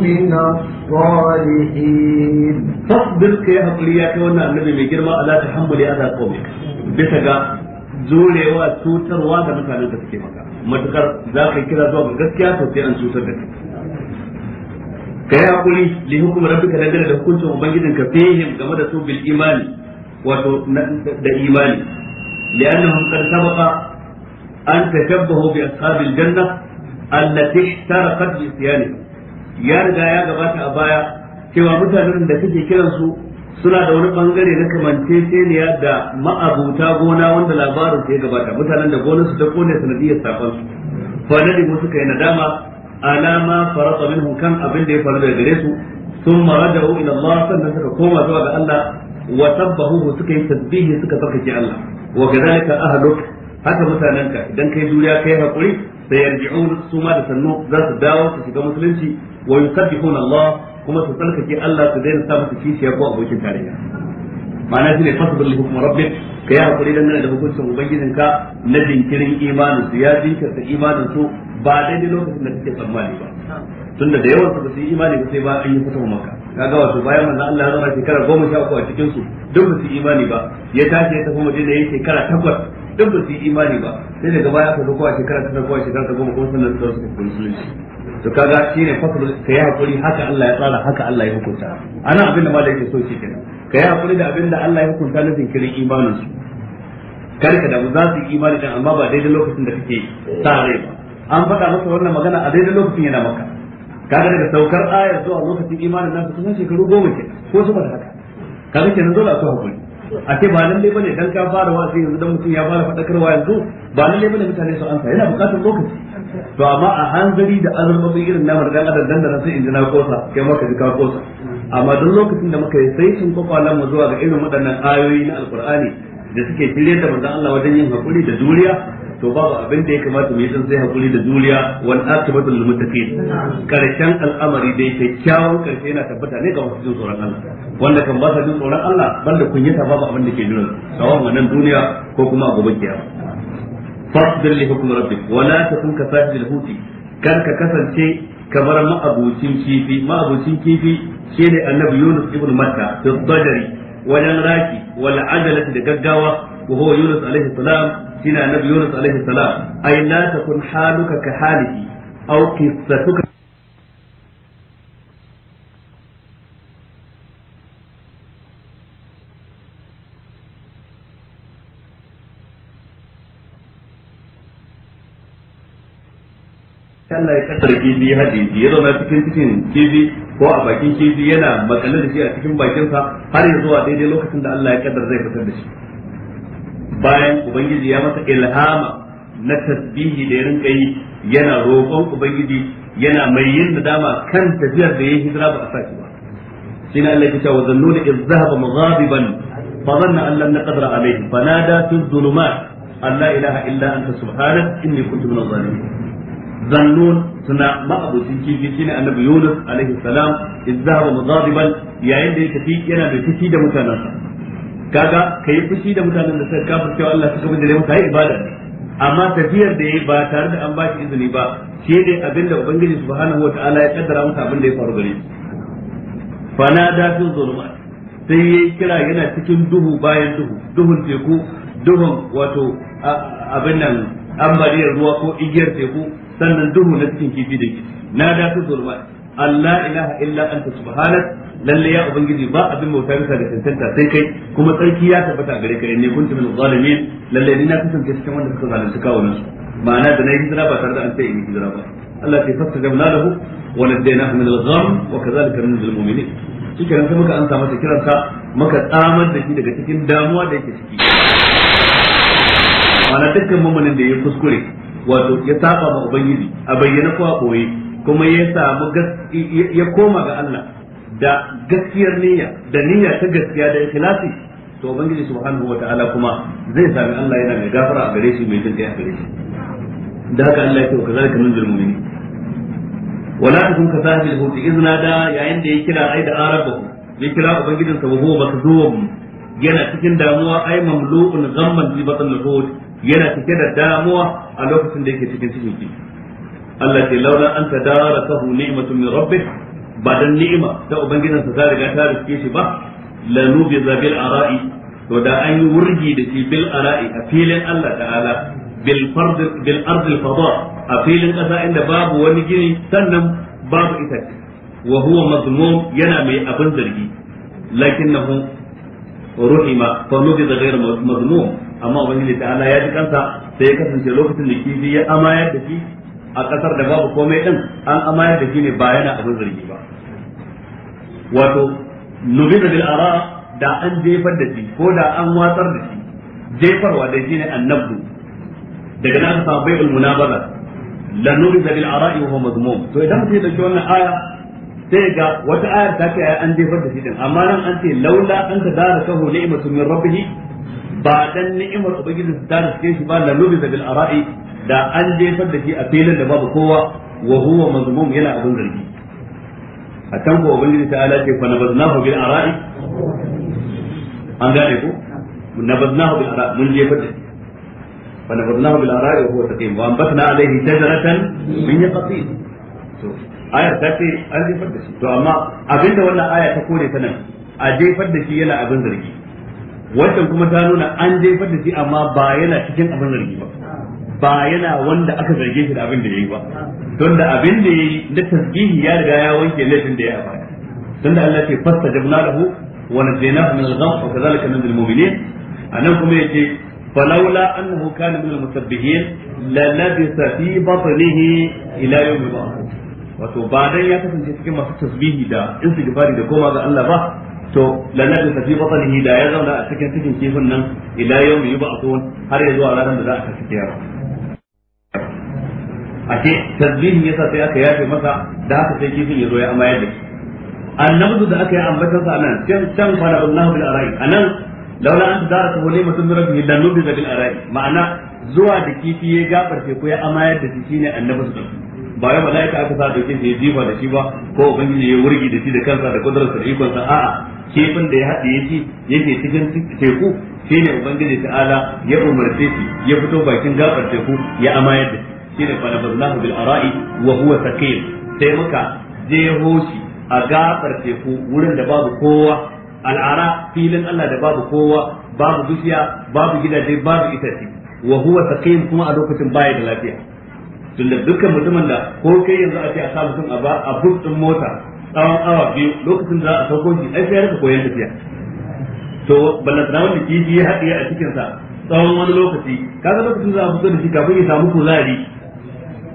من الصالحين تصبر كي أقليا كونا النبي من جرما ألا
تحمل أذى قومك بسجا jurewa cutarwa da mutanen da suke maka matukar kai ka yi hakuri li hukum rabbika dangane da hukuncin ubangijin ka fihim game da imani an tashabbahu bi ashabil janna allati ihtaraqat ya riga ya gabata a baya cewa mutanen da kake kiran su suna da wani bangare na kamanceceniya da ma'abuta gona wanda labarin sai gabata mutanen da gonarsu ta kone sanadiyar safan su fanadi mu suka yi nadama alama farata minhum kan abin da ya faru da gare su sun maraja'u ila Allah sannan suka koma zuwa ga Allah wa tabbahu suka yi tasbihi suka tsarkake Allah wa kadhalika ahluk haka mutanen ka idan kai juriya kai hakuri sai yarji'un su ma da sannu za su dawo su shiga musulunci wa yusabbihuna Allah kuma su tsarkake Allah su daina sa masa kishiya ko abokin tarayya ma'ana shine fasbir li hukm rabbik kai hakuri dangane da hukuncin ka na jinkirin imanin su ya jinkirta imanin su ba daidai lokacin da kake tsammani ba tunda da yawan su ba su yi imani ba sai ba an yi ma maka kaga wato bayan manzo Allah ya zama shekara goma sha uku a cikin su duk ba su yi imani ba ya tashi ya tafi madina ya shekara 8 duk ba su yi imani ba sai daga baya aka zuwa shekara ta kowa shekara ta goma kuma sannan su su kuma musulunci to kaga shine fasalul ka yi hakuri haka Allah ya tsara haka Allah ya hukunta ana abin da malaka so shi kenan ka yi hakuri da abin da Allah ya hukunta na zinkirin imanin su kar ka da za su yi imani dan amma ba daidai lokacin da kake sa rai ba an faɗa masa wannan magana a daidai lokacin yana maka kaga daga saukar ayar zuwa lokacin imanin nan kusan shekaru goma ke ko su da haka kaga kenan dole a tsohon kuri a ce ba lalle bane dan ka fara wasi yanzu dan mutum ya fara fadakarwa yanzu ba lalle bane mutane su ansa yana bukatar lokaci to amma a hanzari da azurbabi irin na margan adam dan da sai in ji kosa kai ma ka ji ka kosa amma duk lokacin da muka yi sai sun kwakwalan mu zuwa ga irin waɗannan ayoyi na alkur'ani da suke shirye da manzon Allah wajen yin hakuri da juriya to babu abin da ya kamata mu yi san sai hakuri da juriya wal akibatu lil muttaqin karshen al'amari dai kyakkyawan karshe yana tabbata ne ga wasu jin tsoron Allah wanda kan ba sa jin tsoron Allah banda kunyata babu abin da ke jira tsawon wannan duniya ko kuma a gobe kiyama fasbir li hukm rabbik wa la takun ka sajid huti kar ka kasance kamar ma'abucin kifi ma'abucin kifi shine annabi Yunus ibnu Matta fi dajari wajen raki wal ajalati da gaggawa وهو يونس عليه السلام هنا النبي يونس عليه السلام اي لا تكن حالك كحاله او قصتك Allah ya kasar kifi hadi haɗe ya zauna cikin cikin kifi ko a bakin kifi yana makalar da shi a cikin bakinsa har ya zuwa daidai lokacin da Allah ya kaddar zai fitar da shi bayan ubangiji ya masa ilhama na tasbihi da ya rinka yi yana roƙon ubangiji yana mai yin nadama kan tafiyar da ya hijira ba a saki ba shi ne Allah ya ce wa zannuna iz zahaba mughadiban fa zanna an lam naqdira alayhi fa nada fi dhulumat an la ilaha illa anta subhanaka inni kuntu minadh zalimin zannun suna ma'abucin kifi shine annabi Yunus alaihi salam iz zahaba mughadiban yayin da ya tafi yana da tafi da mutanansa kaga yi fushi da mutanen da suka cewa Allah suka bijire masa yayi ibada ne amma tafiyar da yayi ba tare da an ba shi izini ba shi ne abinda ubangiji subhanahu wataala ya kaddara masa abin da ya faru gare shi da fi zulumat sai yayi kira yana cikin duhu bayan duhu duhun teku duhun wato abin nan ambaliyar ruwa ko igiyar teku sannan duhu na cikin kifi da kifi na da su zulmat Allah ilaha illa anta subhanak lalle ya ubangiji ba abin bauta bisa da tantanta sai kai kuma tsarki ya tabbata gare ka ne kuntu min zalimin lalle ni na kasance cikin wanda suka zalunci kawunan su ma'ana da nayi hijira ba tare da an sai in hijira ba Allah ya fasta jamla lahu wa nadainahu min al-gham wa kadhalika min al-mu'minin shikenan sai muka ansa masa kiransa muka tsamar da shi daga cikin damuwa da yake ciki ma'ana dukkan mamanin da ya kuskure wato ya saba ma ubangiji a bayyana ko a koyi kuma ya samu ya koma ga Allah da gaskiyar niyya da niyya ta gaskiya da ikhlasi to ubangiji subhanahu wataala kuma zai sami Allah yana mai gafara a gare shi mai jin kai a gare shi da haka Allah ya ce wa kazalika nunzil mu'minin wala takun ka sahibil huti izna da yayin da ya kira ai da arabu ya kira ubangijin sa wa makdum yana cikin damuwa ai mamlu'un ghamman bi batn al yana cike da damuwa a lokacin da yake cikin cikin Allah ce launa an tadarakahu ni'matun min rabbih ba dan ni'ima ta ubangijin sa riga ta riske shi ba lanu bi zabil ara'i to da an yi da shi bil ara'i a filin Allah ta'ala bil bil ard al a filin kasa inda babu wani gini sannan babu itace yana mai abin zargi lakinnahu amma ubangiji ta'ala ya ji kansa sai ya kasance lokacin da kifi ya amayar da shi a kasar da babu komai din an amaya da shi ne ba yana abin zargi ba wato nubida bil ara da an jefar da shi ko da an watsar da shi jefarwa da shi ne annabdu daga nan sa bai al munabara la nubida bil ara wa huwa madmum to idan mutum da dauki wannan aya sai ga wata ayar ta ce an jefar da shi din amma nan an ce laula an ta dara tadarakahu ni'matun min rabbih ba dan ni'imar ubangiji ta riske shi ba la nubi bil ara'i da an jefar da shi a filin da babu kowa wa huwa mazmum yana abin zargi a can ko ubangiji ta ala ce fa nabaznahu bil ara'i an ne ko nabaznahu bil ara'i mun jefar da shi fa nabaznahu bil ara'i wa huwa saqim wa anbatna alayhi tajratan min yaqtin to aya ta ce an jefar da shi to amma abinda wannan aya ta kore ta nan a jefar da shi yana abin zargi wannan kuma ta nuna an jefar da shi amma ba yana cikin abin zargi ba ba yana wanda aka zarge shi da abin da yayi ba don da abin da yayi na tasbihi ya riga ya wanke laifin da ya yi baya don da Allah ke fasta jabna lahu wa najaynahu min al-gham wa kadhalika min al-mu'minin anan kuma yace falawla annahu kana min al-musabbihin la labisa fi batnihi ila yawm al-ba'th wato ba dan ya kasance cikin masu tasbihi da istighfari da koma ga Allah ba to lallabi fi batnihi da ya zauna a cikin cikin kifin nan ila yawm yub'athun har ya zuwa ranar da za a tafi kiyama ce tasbihin yasa sai aka yafe masa da haka sai kifin ya zo ya amayar da shi annabdu da aka yi ambatan sa anan can can fara Allahu bil arai anan laula an tadara ta hulima tun rabbi nubi da bil arai ma'ana zuwa da kifi ya gafarce ko ya amayar da shi shine annabdu ba wai malaika aka sa da shi ya da shi ba ko ubangiji ya wurgi da shi da kansa da kudurar sa ikon sa a'a kifin da ya haɗe ya ci yake cikin teku shine ubangiji ta'ala ya umarce shi ya fito bakin gabar teku ya amayar da shi shine fa nabadnahu bil ara'i wa huwa saqim sai muka je hoshi a gabar teku wurin da babu kowa al'ara filin Allah da babu kowa babu bishiya babu gidaje babu itace wa huwa saqim kuma a lokacin baya da lafiya tunda dukkan mutumin da ko kai yanzu a ce a samu mutum a ba mota tsawon awa biyu lokacin da za a sauko shi ai sai rika koyon tafiya to ballan da wanda kiji ya haɗiya a cikin sa tsawon wani lokaci kaga lokacin za a fito da shi kafin ya samu kuzari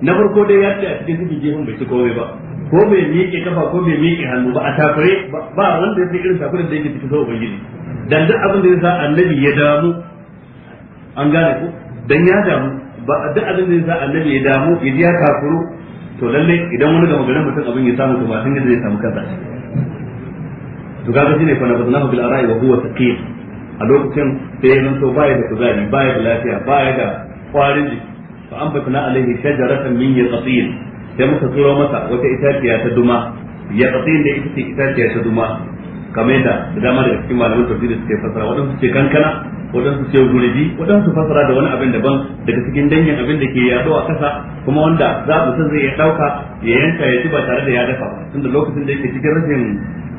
na farko dai ya ce a cikin cikin gefen bai ci komai ba ko bai miƙe kafa ko bai miƙe hannu ba a tafare ba wanda ya fi irin tafirin da yake cikin sau ubangiji dan duk abin da ya sa annabi ya damu an gane ku dan ya damu ba duk abin da ya sa annabi ya damu ya ji ya kafuru to lalle idan wani gama garin mutum abin ya samu to ba san yadda zai samu kansa to kaga shine fa na bazna bil ara'i wa huwa saqim a lokacin sai ya zanto baya da kuzari baya da lafiya baya da kwarin jiki fa ambatna alaihi shajaratan min yaqtin sai muka tsoro masa wata itaciya ta duma yaqtin da ita ce itaciya ta duma kamar da dama daga cikin malaman tafsiri suke fasara wadansu ce kankana wadansu ce gurbi wadansu fasara da wani abin daban daga cikin dangin abin da ke yaɗo a kasa kuma wanda za mutum zai ya dauka ya yanka ya ci tare da ya dafa ba tunda lokacin da yake cikin rashin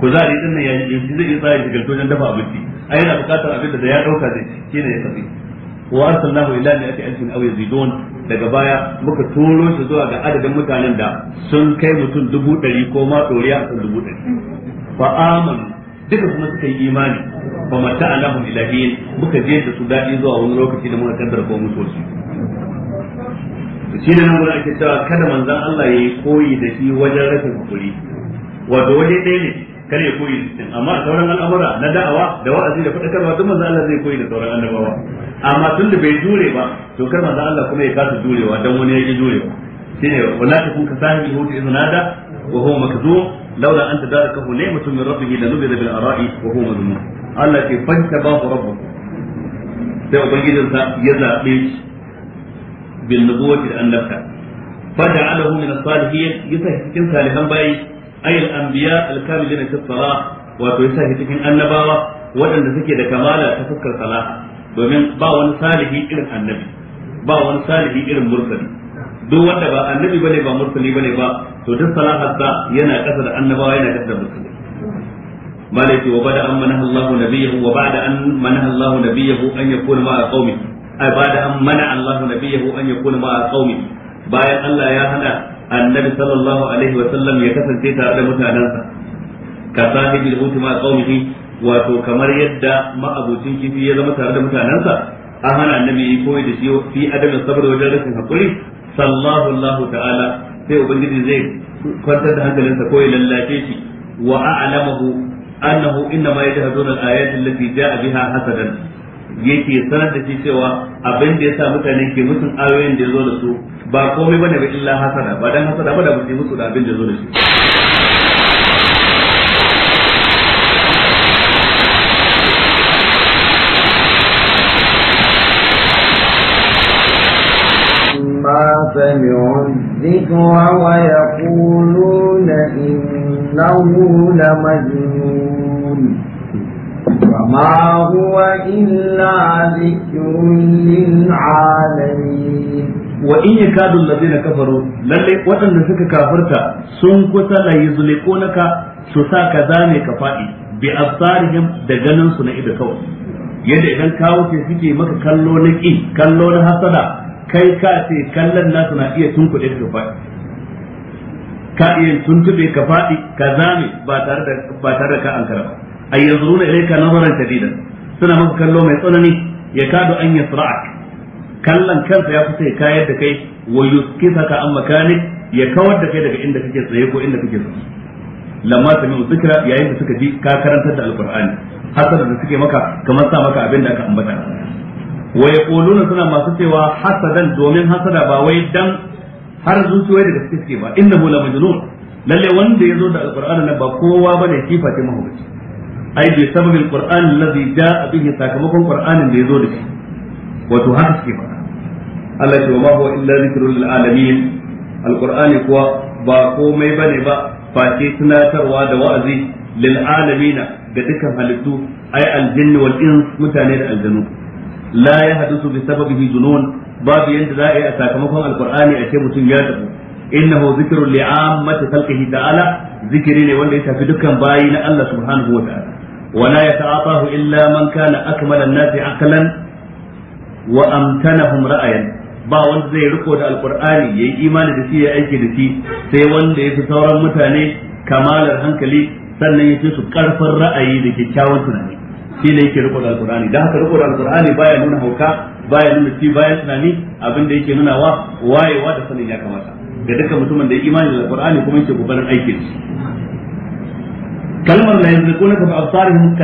kuzari din nan ya yi zai iya tsaya shigar wajen dafa abinci ai yana bukatar abin da ya dauka zai ci shine ya tafi wa arsalnahu ila mi'ati alfin aw yazidun daga baya muka turo shi zuwa ga adadin mutanen da sun kai mutum dubu ɗari ko ma ɗoriya a kan dubu ɗari fa amanu duka kuma suka yi imani fa mata alahum ilahin muka je da su daɗi zuwa wani lokaci da muka kaddara ko mutoci su shi da nan gudan ake cewa kada manzon Allah ya yi koyi da shi wajen rashin hakuri wato waje ɗaya ne kare ya koyi sittin amma sauran al'amura na da'awa da wa'azi da faɗakarwa duk manzo Allah zai koyi da sauran annabawa amma tun da bai jure ba to kar manzo Allah kuma ya kasa jurewa dan wani yake jurewa shine wala takun ka sahibi hutu iznada wa huwa makzum laula an tadarakahu ni'matun min rabbih lanubida bil ara'i wa huwa mazmum Allah ke fanta ba rabbuh sai ubangijinsa ya zabe shi bin nubuwati da annabta faja'alahu min as-salihin yasa cikin salihan bayi ayil anbiya alkamilina fi salah wato yasa shi cikin annabawa waɗanda suke da kamala ta fuskar salah domin ba wani salihi irin annabi ba wani salihi irin duk wanda ba annabi bane ba mursali bane ba to duk salahar sa yana kasa da annabawa yana kasa da mursali malaki wa bada an manaha Allah nabiyahu wa ba'da an manaha Allah nabiyahu an yakuna ma'a qaumi ai ba'da an mana Allah nabiyahu an yakuna ma'a qaumi bayan Allah ya hana annabi sallallahu alaihi wa sallam ya kasance tare da mutanansa ka sahibi al-hutu ma qaumihi wato kamar yadda ma'abucin kifi ya zama tare da mutanansa an hana annabi yi koyi da shi fi adamin sabr wajen rashin haƙuri. sallallahu ta'ala sai ubangiji zai kwantar da hankalinsa ko ya lallace shi wa a'lamahu annahu inna ma yajhaduna al-ayati allati ja'a biha hasadan yake sanar da shi cewa abin da ya sa mutane ke mutum ayoyin da ya zo da su ba komai bane ba illa hasada ba dan hasada ba da mutum musu da abin da ya zo da shi
سمعوا الذكر ويقولون إنه لمجنون وما هو إلا ذكر للعالمين وإن يكاد الذين
كفروا للي وطن لسك كافرت سنكت ليزلقونك سساك ذاني كفائي بأبطارهم دجنن سنئد كوي yadda idan kawo ke suke maka kallo na ƙi kallo na hasada kai ka ce kallon nasu na iya tunkuɗe ka faɗi ka iya ka faɗi ka zame ba tare da ka ankara ay yanzuruna ilayka nazaran shadida suna maka kallo mai tsanani ya kado an yasra'ak kallon kansa ya fita ya kayar da kai wa yuskisaka an makanik ya kawar da kai daga inda kake tsaye ko inda kake tsaye lamma sami'u zikra yayin da suka ji ka karantar da alqur'ani hasada da suke maka kamar sa maka abin da aka ambata wa yaquluna suna masu cewa hasadan domin hasada ba wai dan har zuciyoyi daga suke suke ba innahu la majnun lalle wanda ya zo da alqur'ani nan ba kowa bane kifa ce mahukaci ai bi sababin qur'an alladhi jaa bihi sakamakon qur'anin da yazo da shi wato haka suke faɗa Allah ya ce wa huwa illa dhikrul lil alamin alqur'ani kuwa ba komai bane ba face tunatarwa da wa'azi lil alamin ga dukkan halittu ai aljinni wal ins mutane da aljanu la yahdusu bi sababihi junun babu yanda za a yi a sakamakon alqur'ani a ce mutum ya tafi innahu zikrun li'ammati khalqihi ta'ala zikiri ne wanda ya tafi dukkan bayi na Allah subhanahu wa ta'ala ولا يتعاطاه إلا من كان أكمل الناس عقلا وأمتنهم رأيا ba wanda zai riko da alkur'ani ya yi imani da shi ya aiki da shi sai wanda ya fi sauran mutane kamalar hankali sannan ya fi su karfin ra'ayi da kyakkyawan tunani shi ne yake riko da alkur'ani da haka riko da alkur'ani baya nuna hauka baya nuna ci baya tunani abin da yake nuna wa wayewa da sanin ya kamata ga dukkan mutumin da ya imani da alkur'ani kuma yake kokarin aikin shi kalmar la yazquna ka bi absarihim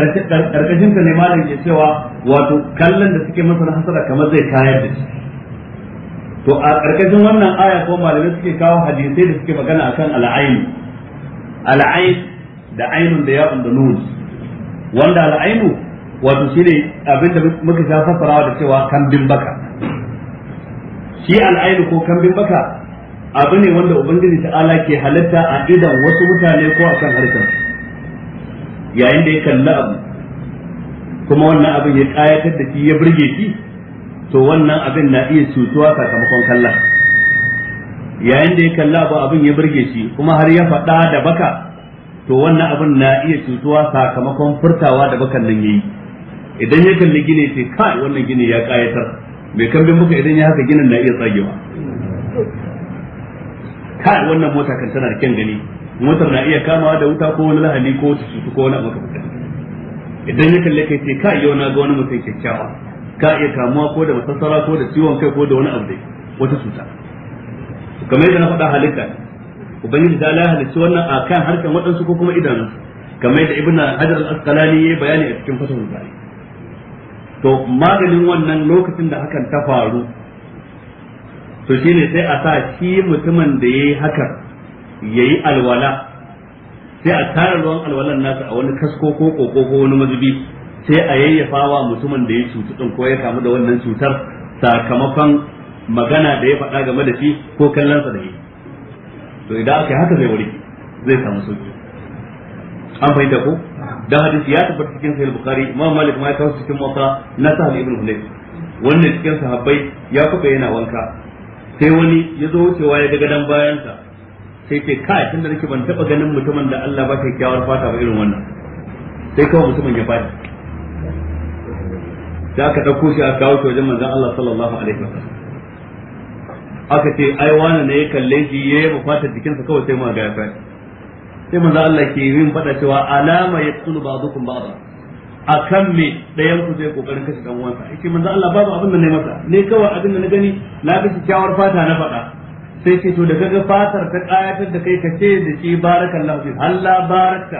karkashin ta ne malam ke cewa wato kallon da suke masa hasara kamar zai kayar da shi to a karkashin wannan aya ko malamai suke kawo hadisai da suke magana akan al'ain al'ain da ainun da ya'un da nun wanda al'ainu wato shine abin da muka sha fasarawa da cewa kambin baka shi al'ainu ko kambin baka abu ne wanda ubangiji ta'ala ke halitta a idan wasu mutane ko akan su yayin da ya kalli abu kuma wannan abin ya kayatar da shi ya burge shi to wannan abin na iya cutuwa sakamakon kalla yayin da ya kalla abu abin ya burge shi kuma har ya faɗa da baka to wannan abin na iya cutuwa sakamakon furtawa da bakan nan yayi idan ya kalli gine sai kai wannan gine ya kayatar mai kambin muka idan ya haka ginin na iya tsagewa kai wannan mota kan tana da kyan gani motar na iya kamawa da wuta ko wani lahani ko wata cutu ko wani abu fita idan ya kalle kai sai ka yau na ga wani mutum kyakkyawa ka iya kamuwa ko da masassara ko da ciwon kai ko da wani abu dai wata cuta kamar yadda na faɗa halitta ubangiji ta la halitta wannan a kan harkan waɗansu ko kuma idanu kamar yadda ibn hajar al-asqalani ya bayani a cikin fasahun bari to maganin wannan lokacin da hakan ta faru to shine sai a sa shi mutumin da yayi hakan yayi alwala sai a tara ruwan alwalan nasa a wani kasko ko koko ko wani mazubi sai a yayyafawa wa mutumin da ya cutu din ko ya kamu da wannan cutar sakamakon magana da ya faɗa game da shi ko kallon sa da shi to idan aka haka zai wuri zai samu sauki an fahimta ko dan hadisi ya tabbata cikin sahih bukhari imam malik ma ya kawo cikin mota na sahal ibn hunayf wannan cikin sahabbai ya kuka yana wanka sai wani ya zo wucewa ya ga gadan bayansa sai ce kai tun da nake ban taba ganin mutumin da Allah ba ta kyawar fata ba irin wannan sai kawai mutumin ya fadi da aka dauko shi a kawo wajen manzon Allah sallallahu alaihi wasallam aka ce ai wani ne ya kalle shi ya yaba fatar jikinsa kawai sai mu ga ya fadi sai manzon Allah ke yin fada cewa alama yaqulu ba'dukum a kan me ɗayan ku zai kokarin kashe ɗan uwansa yake manzon Allah babu abin da ne masa ne kawai abin da na gani na fi kyawar fata na faɗa. sai ce to da kaga fatar ta kayatar da kai ka ce da shi barakallahu fi Allah baraka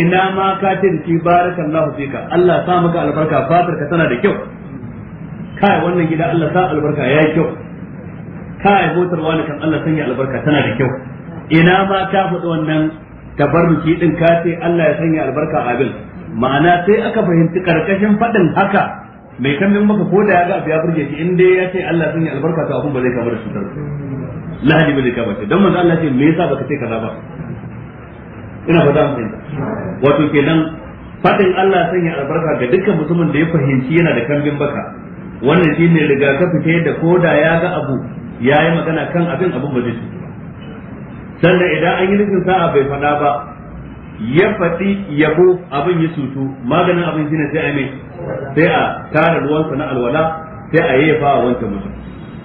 ina ma ka ce da shi barakallahu ka Allah sa maka albarka fatar ka tana da kyau kai wannan gida Allah sa albarka yi kyau kai motar wani kan Allah sanya albarka tana da kyau ina ma ka faɗi wannan tabarruki din ka ce Allah ya sanya albarka abin ma'ana sai aka fahimci karkashin faɗin haka mai kamin maka ko da ya ga abu ya burge shi in dai ya ce Allah sun yi albarka to abun ba zai kamar da cutar lahadi ba zai kamar shi don manzo Allah ce me yasa baka ce kaza ba ina fata mun wato kenan fadin Allah sun yi albarka ga dukkan mutumin da ya fahimci yana da kambin baka wannan shi riga rigakafi ta yadda ko da ya ga abu ya yi magana kan abin abun ba zai ba. sannan idan an yi nufin sa'a bai faɗa ba ya faɗi yabo abin ya sutu maganin abin ne sai a mai sai a tara ruwansa na alwala sai a yefa a wancan mutum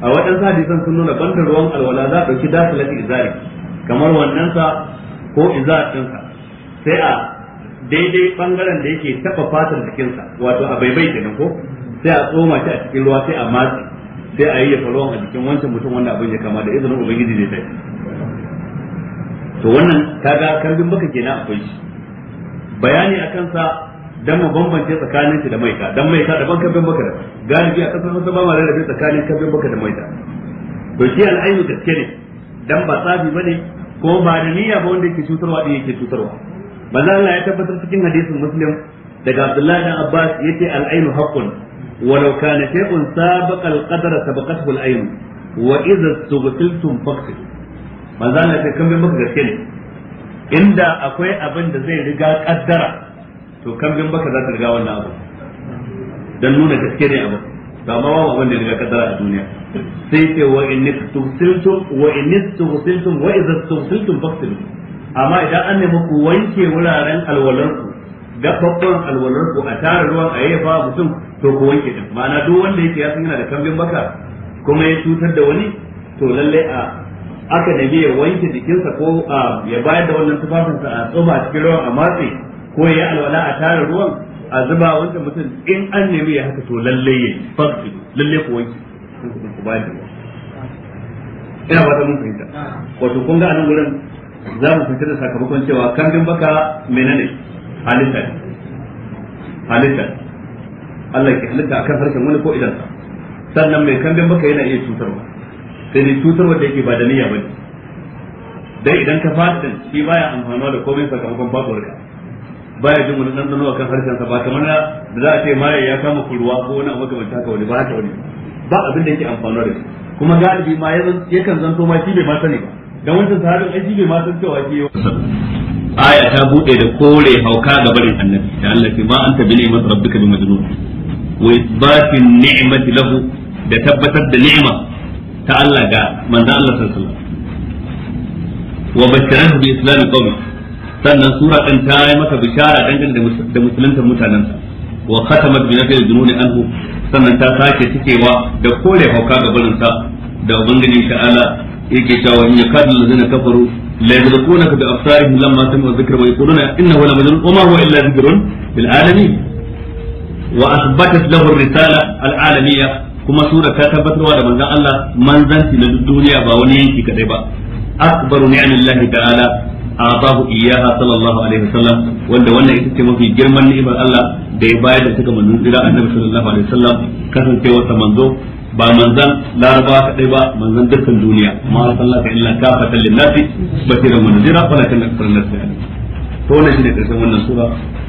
a waɗansu hadisan sun nuna banda ruwan alwala za a ɗauki dasalat izari kamar wannan sa ko izar sa sai a daidai bangaren da yake taɓa fatan jikinsa wato a baibai kenan ko sai a tsoma shi a cikin ruwa sai a matsi sai a yefa ruwan a jikin wancan mutum wanda abin ya kama da izinin ubangiji zai tafi to wannan kaga karbin baka kenan akwai shi bayani akan sa dan mu bambance tsakanin da maita dan maita daban kafin baka da galibi a kasar Hausa ba ma rarrabe tsakanin kafin baka da maita to shi al'ainu gaske ne dan ba tsabi bane ko ba da niyya ba wanda yake cutarwa din yake cutarwa manzo Allah ya tabbatar cikin hadisin Muslim daga Abdullahi dan Abbas yace al'ainu haqqun ولو كان شيء سابق القدر سبقته العين وإذا استغفلتم فاغفروا manzo Allah sai kan maka gaske ne inda akwai abin da zai riga kaddara to kambin baka za ta riga wannan abu dan nuna gaske ne abu to amma ba abin da ya kaddara a duniya sai ce wa inni tusiltum wa inni tusiltum wa idza tusiltum faqtilu amma idan an nemi ku wanke wuraren alwalarku gafaffan alwalarku a tara ruwan a yafa mutum to ku wanke din ma'ana duk wanda yake ya san yana da kambin baka kuma ya cutar da wani to lalle a aka nemi ya wanke jikinsa ko ya bayar da wannan tufafinsa a tsoma a cikin ruwan a matse ko ya alwala a tara ruwan a zuba wanda mutum in an nemi ya haka to lalle ya farki lalle ku wanki ku ba da ina ba ta mun fahimta wato kun ga anan wurin za mu fitar da sakamakon cewa kambin baka menene halitta halitta Allah ke halitta akan harkar wani ko idan sannan mai kambin baka yana iya cutarwa sai dai cutarwa da yake ba da niyya ne dai idan ka fadin shi baya amfanuwa da komai sakamakon babu rika. baya jin wani dano akan harshen sa ba kamar da za a ce mai ya kama kurwa ko wani abu kamar haka wani ba haka wani ba abin da yake amfano da shi kuma galibi ma ya yakan zanto ma shi bai ma sani ba da wancan sahabin aiki bai ma san cewa ke aya ta bude da kore hauka ga barin annabi da Allah ce ma anta bi ni'mat rabbika bi majnun wa isbati ni'mati lahu da tabbatar da ni'ma ta Allah ga manzo Allah sallallahu alaihi wasallam wa bashara bi islam qawmi sannan sura din ta yi masa bishara dangane da musulunta mutanen wa khatamat bi nafil dununi anhu sannan ta sake cikewa da kore hauka ga barinsa. da ubangiji ta'ala yake cewa in yakadu allazina kafaru la yadrukuna bi absarihim lamma sami'u dhikra wa yaquluna innahu la majnun wa ma huwa illa dhikrun lil alamin wa asbatat lahu ar-risala al-alamiyya kuma sura ta tabbatarwa da manzon Allah manzanci na duniya ba wani yanki kadai ba akbaru ni'amillahi ta'ala atahu iyaha sallallahu alaihi wasallam wanda wannan ita ce mafi girman ni'imar Allah da ya bayar da suka manzon tsira annabi sallallahu alaihi wasallam kasancewar sa manzo ba manzan laraba kadai ba manzan dukkan duniya ma sallaka illa kafatan linnasi basiran wa nadira walakin aktsarun nas ya'lamun to wannan shine karshen wannan sura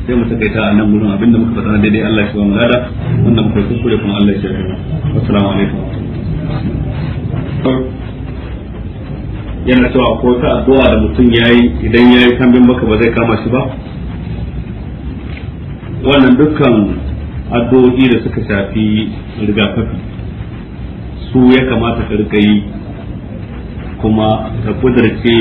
sai mu takaita a nan gurin abinda muka faɗa daidai Allah shi ba mu gada wannan muka kuskure kuma Allah yana cewa ko ta addu'a da mutum yi idan ya yi kambin maka ba zai kama shi ba wannan dukkan addu'o'i da suka shafi rigakafi su ya kamata ka rika yi kuma ka kudurce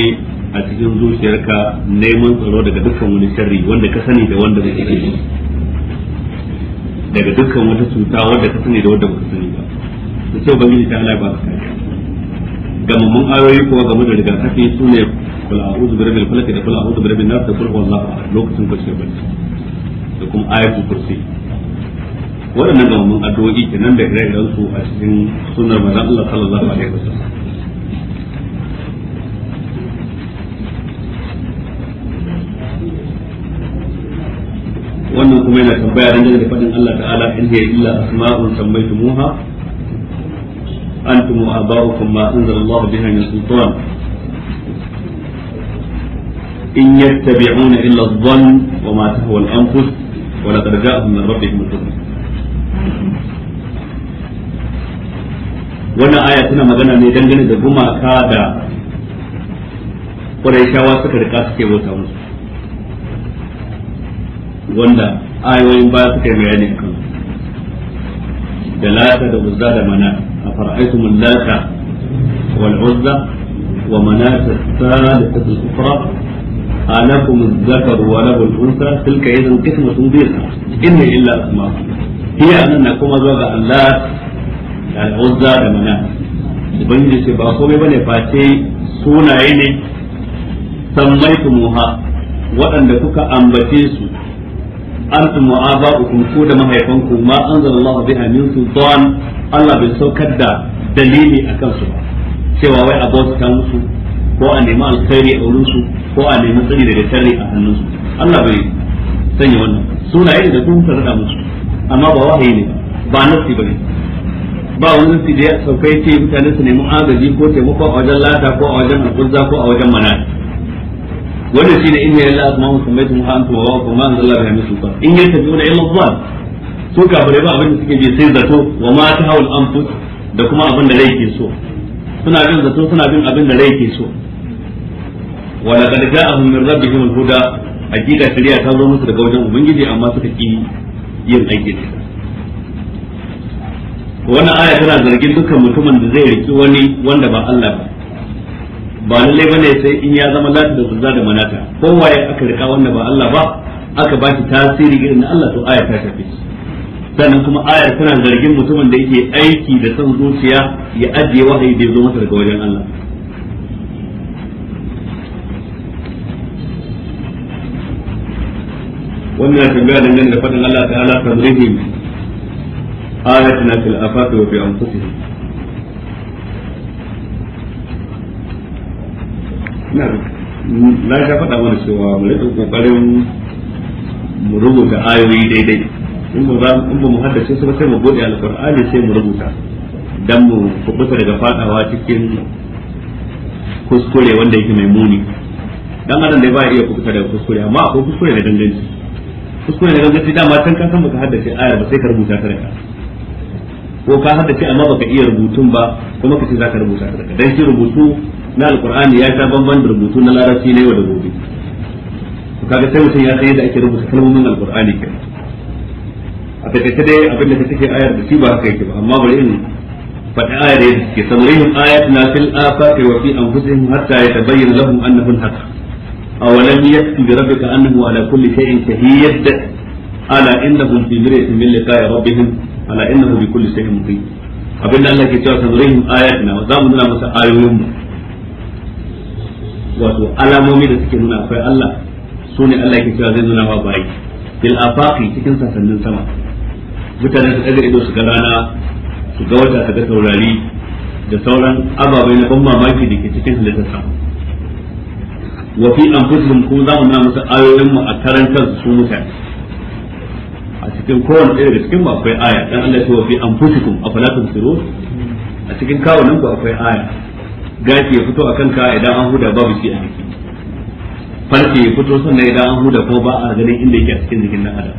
a cikin zuciyarka neman tsaro daga dukkan wani sharri wanda ka sani da wanda zai sani daga dukkan wata cuta wanda ka sani da wanda ka sani ba da ba ubangiji ta Allah ba ka kariya gamammun ayoyi ko game da rigakafi su ne kul a'udhu birabbil falaq da kul a'udhu birabbin nas da kul huwallahu a lokacin kwace bacci da kuma ayatu kursi waɗannan gamammun addu'o'i kenan da ire-iren su a cikin sunnar manzon Allah sallallahu alaihi wasallam
wannan kuma yana tambaya
dangane da faɗin Allah ta'ala in hiya illa asma'un sammaytumuha أنتم وآباؤكم ما أنزل الله بها من سلطان إن يتبعون إلا الظن وما تهوى الأنفس ولقد جاءهم من ربهم الحكم wannan aya tana magana ne dangane da gumaka da ƙuraishawa suka rika suke bauta musu wanda ayoyin baya suka yi bayani a kansu da lata da uzza da mana a fara'aitum lata wal uzza wa manata thalithatu al-ukhra alakum adh-dhakar wa lahu al-untha tilka idan qismatun dhiqa in illa kuma zuwa ga da al da ubangiji ce ba komai bane face sunaye ne sammaitumuha waɗanda kuka ambace su antum wa aba'ukum ku da mahaifanku ma anzalallahu biha min sultan Allah bai saukar da dalili akan su ba cewa wai a bauta musu ko a nemi alkhairi a wurin su ko a nemi tsari daga sharri a hannun su Allah bai sanya wannan sunaye da kun sarra musu amma ba wahayi ne ba nasi bane ba wani nasi da ya saukai ce mutane su nemi agaji ko taimako a wajen lata ko a wajen alƙurza ko a wajen manati wannan shine inna lillahi asma'un sumaytum ha antum wa ma anzalna biha min sultan in wani illa dhann su kafirai ba abin da suke je sai zato wa ma tahawul anfus da kuma abin da rai ke so suna bin zato suna bin abin da rai ke so wa laqad ja'ahum min rabbihim al-huda hakika shari'a ta zo musu daga wajen ubangiji amma suka ki yin aiki wannan aya tana zargin dukkan mutumin da zai riki wani wanda ba Allah ba ba lallai bane sai in ya zama lati da uzza da manata kowa ya aka rika wannan ba Allah ba aka ba shi tasiri irin na Allah to aya ta tafi sannan kuma ayar tana zargin mutumin da yake aiki da son zuciya ya ajiye wahayi da ya zo masa daga wajen Allah wannan na tambaya dangane da faɗin Allah ta'ala tazrihim ayatina fil afaqi wa fi anfusihim na ga faɗa mana cewa mu rika kokarin mu rubuta ayoyi daidai in ba za in mu haddace su ba sai mu gode alqur'ani sai mu rubuta dan mu kubuta daga fadawa cikin kuskure wanda yake mai muni dan adam da ba ya iya kubuta daga kuskure amma akwai kuskure da danganci kuskure da danganci dama can ka san baka haddace aya ba sai ka rubuta ta daga ko ka haddace amma baka iya rubutun ba kuma ka ce za ka rubuta ta daga dan shi rubutu na alkur'ani ya sha bamban da rubutu na larabci na wa da gobe kaga sai mutum ya san yadda ake rubuta kalmomin alkur'ani kenan a takaice dai abin da take ayar da shi ba haka yake ba amma bari in faɗi ayar da yake samurihim ayatuna fil afaqi wa fi anfusihim hatta yatabayyana lahum annahu al-haq aw lam yakfi bi rabbika annahu ala kulli shay'in shahid ala innahum fi miryatin min liqa'i rabbihim ala innahu bi kulli shay'in muqim abin da Allah ke cewa samurihim na za mu nuna masa ayoyin mu wato alamomi da suke nuna akwai Allah su ne Allah yake cewa zai nuna wa bai fil afaqi cikin sassanin sama mutane su daga ido su ga rana su ga wata su ga taurari da sauran ababai na ban mamaki da ke cikin halittar sama wa fi anfusihim kuma za mu nuna musu ayoyin mu a karantar su mutane a cikin kowane ɗaya daga cikin akwai aya dan Allah ya ce wa fi anfusikum afala tusirun a cikin kawunan ku akwai aya gashi ya fito a kanka idan an huda babu shi a jiki farce ya fito sannan idan an huda ko ba a ganin inda yake a cikin jikin dan adam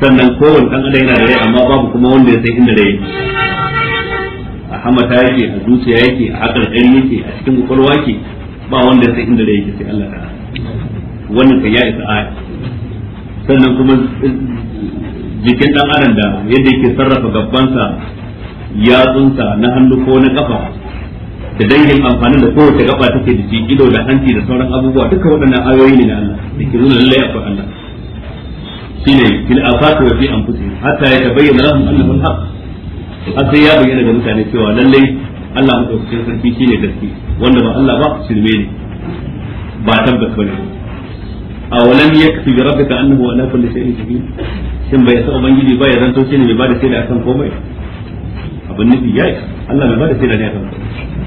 sannan kowane dan adam yana da rai amma babu kuma wanda ya san inda rai a hamata yake a zuciya yake a hakar ɗan yake a cikin kwakwalwa yake ba wanda ya san inda rai yake sai Allah ta'ala wannan kai ya isa aya sannan kuma eh, jikin dan adam da yadda yake sarrafa gabbansa yatsunsa na hannu ko na kafa da dangin amfanin da kowace gaba take da shi ido da hanci da sauran abubuwa duka waɗannan ayoyi ne na Allah da ke nuna lallai akwai Allah shine fil afaq wa fi anfusihim hatta yatabayyana lahum annahu al-haq har sai ya bayyana ga mutane cewa lallai Allah madaukakin sarki shine gaske wanda ba Allah ba shirme ne ba tabbas bane awalan yakfi bi rabbika annahu ala kulli shay'in qadir shin bai sa ubangiji ba ya zanto shine mai bada shaida akan komai abin nufi yayi Allah mai bada shaida ne akan komai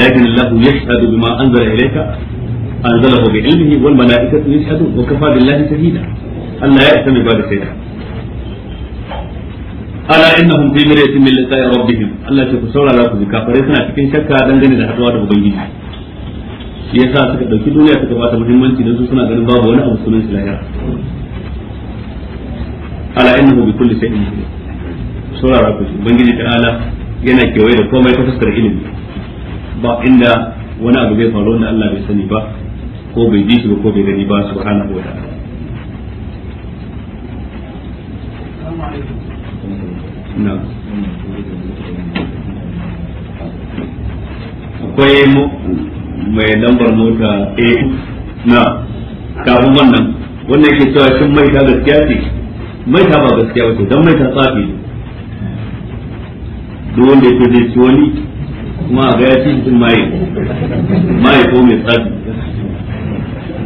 لكن الله يشهد بما أنزل إليك أنزله بعلمه والملائكة يشهدون وكفى بالله شهيدا ألا يأتم بعد شيء ألا إنهم في مرية من لقاء ربهم ألا تكسر على ربك فريسنا تكن شكا دنجني da haɗuwa da ubangiji shi yasa suka ɗauki duniya suka bata muhimmanci don su suna ganin babu wani abu sunan shi lahira ala innahu bi kulli shay'in sura rabbukum ubangiji ta'ala yana kewaye da komai ta fuskar ilimi ba inda wani abu zai faru wanda Allah bai sani ba ko bai ji shi ba ko bai gani ba su subhanahu ko da akwai mai lambar mota a na kafin wannan wannan yake cewa shin mai ta gaskiya ce mai ta ba gaskiya ce don mai ta tsafi duk wanda ya ce zai ci wani kuma ga ya ci cikin maye maye ko mai tsadi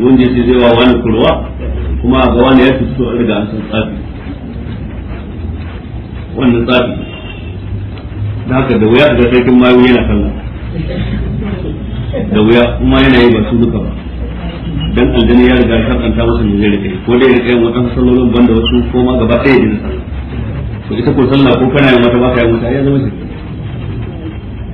wanda ya zai wa wani kurwa kuma ga wani ya fito a riga an san tsafi wannan tsafi da haka da wuya a ga sarkin mayu yana sallah
da wuya kuma yana yi
ba su duka ba dan aljani ya riga kan an ta ne zai rike ko dai rike wata sallolin banda wasu ko ma gaba ɗaya jin sallah ita ko sallah ko kana yi mata ba ka yi mata ya zama shi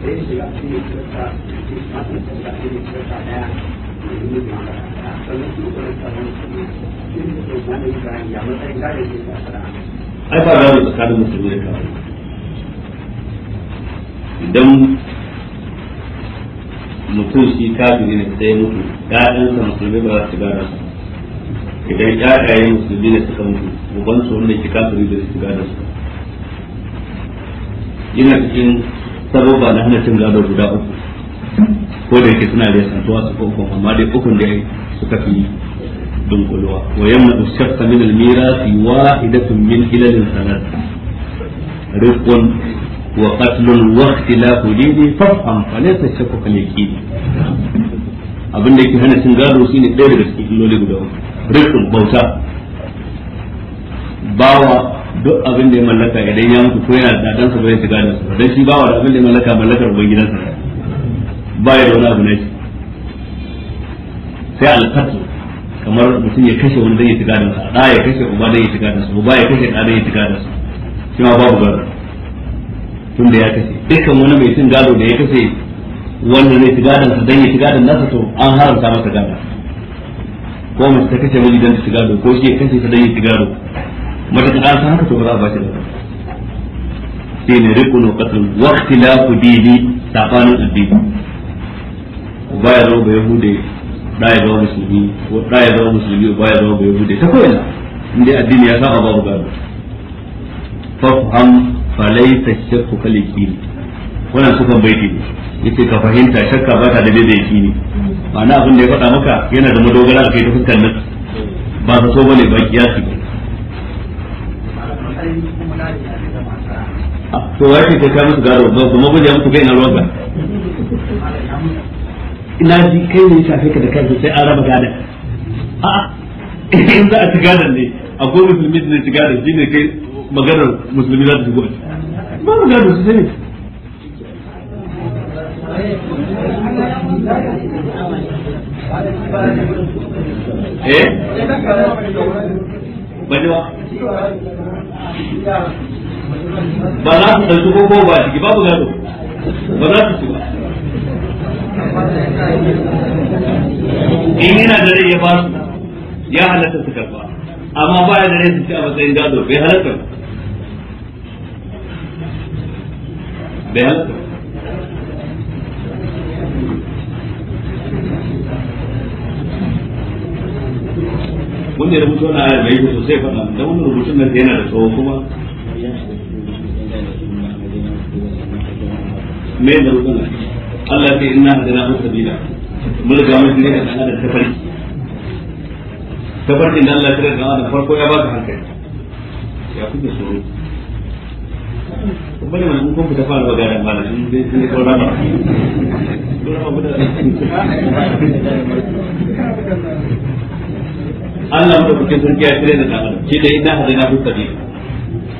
sai da shiga da yi
ta musulmi da kafin idan mutum shi kafiri ne sai mutu ƴaƴansa musulmi ba za su gada su idan musulmi ne suka mutu ubansu wanda ke kafiri da su gada su yana cikin sababa na hana cin gado guda uku ko da yake suna da santuwa su ko uku amma dai ukun da suka fi dunkulowa wa ushaqqa min al wahidatun min ilal rizqun wa qatlun wa ikhtilafu dini fafham fa yaqin abin da yake hana cin gado shine ɗaya daga cikin illoli guda uku rizqun bauta bawa duk abin da ya mallaka idan ya mutu ko yana da dansa bai shiga da su dan shi ba wani abin da ya mallaka mallakar ubangidansa ba ya da wani abu na shi sai alkatu kamar mutum ya kashe wani dan ya shiga da su da ya kashe uba dan ya shiga da su ba ya kashe da dan ya shiga da su shi ma babu tun da ya kashe dukkan wani mai cin gado da ya kashe wanda zai shiga da sa dan ya shiga da nasa to an haramta masa gado ko mace ta kashe wani dan ta shiga da ko shi ya kashe ta dan ya shiga da mata ta san haka to ba za a shi zakka sai ne riqun wa qatl wa ikhtilafu dini sabanin addini baya zama ba yahude da ya zama musulmi ko da ya zama musulmi ba ya zama ba yahude ta koyana inda addini ya saba babu gado fafham falaysa shakku kalikini wannan sukan baiti yace ka fahimta shakka ba ta da bai yaki ne ma'ana abin da ya faɗa maka yana da madogara a kai ta fuskar nan ba ta so bane ba kiyasi ba to ya ce kai musu gado ba kuma guje musu kai na roga ina ji kai ne shafe ka da kanka sai an raba gadan
a'a in za a ci gadan ne
akwai musulmi da ci gadan shine kai maganar musulmi za ta shigo ba mu gado su ne
eh ba ba za su ɗauki ko ba a ciki ba gado ba za su ci ba in yana da
rai ya ba su ya halatta su karba amma ba ya da rai su ci a matsayin gado bai halatta
bai halatta wanda ya rubuta wani ayar mai yi sosai faɗa da wani rubutun nan yana da tsawo kuma mai
da rubutun Allah ina da na hu sabila mun ga mun ne da Allah da tafarki tafarkin da Allah ya da farko ya ba ka hankali ya kuke tsoro kuma ne mai kun fita fara magana ba da shi zai ko rama
ko rama Allah ya
kuke sun ya tsire da dan ce da idan hada na fuka ne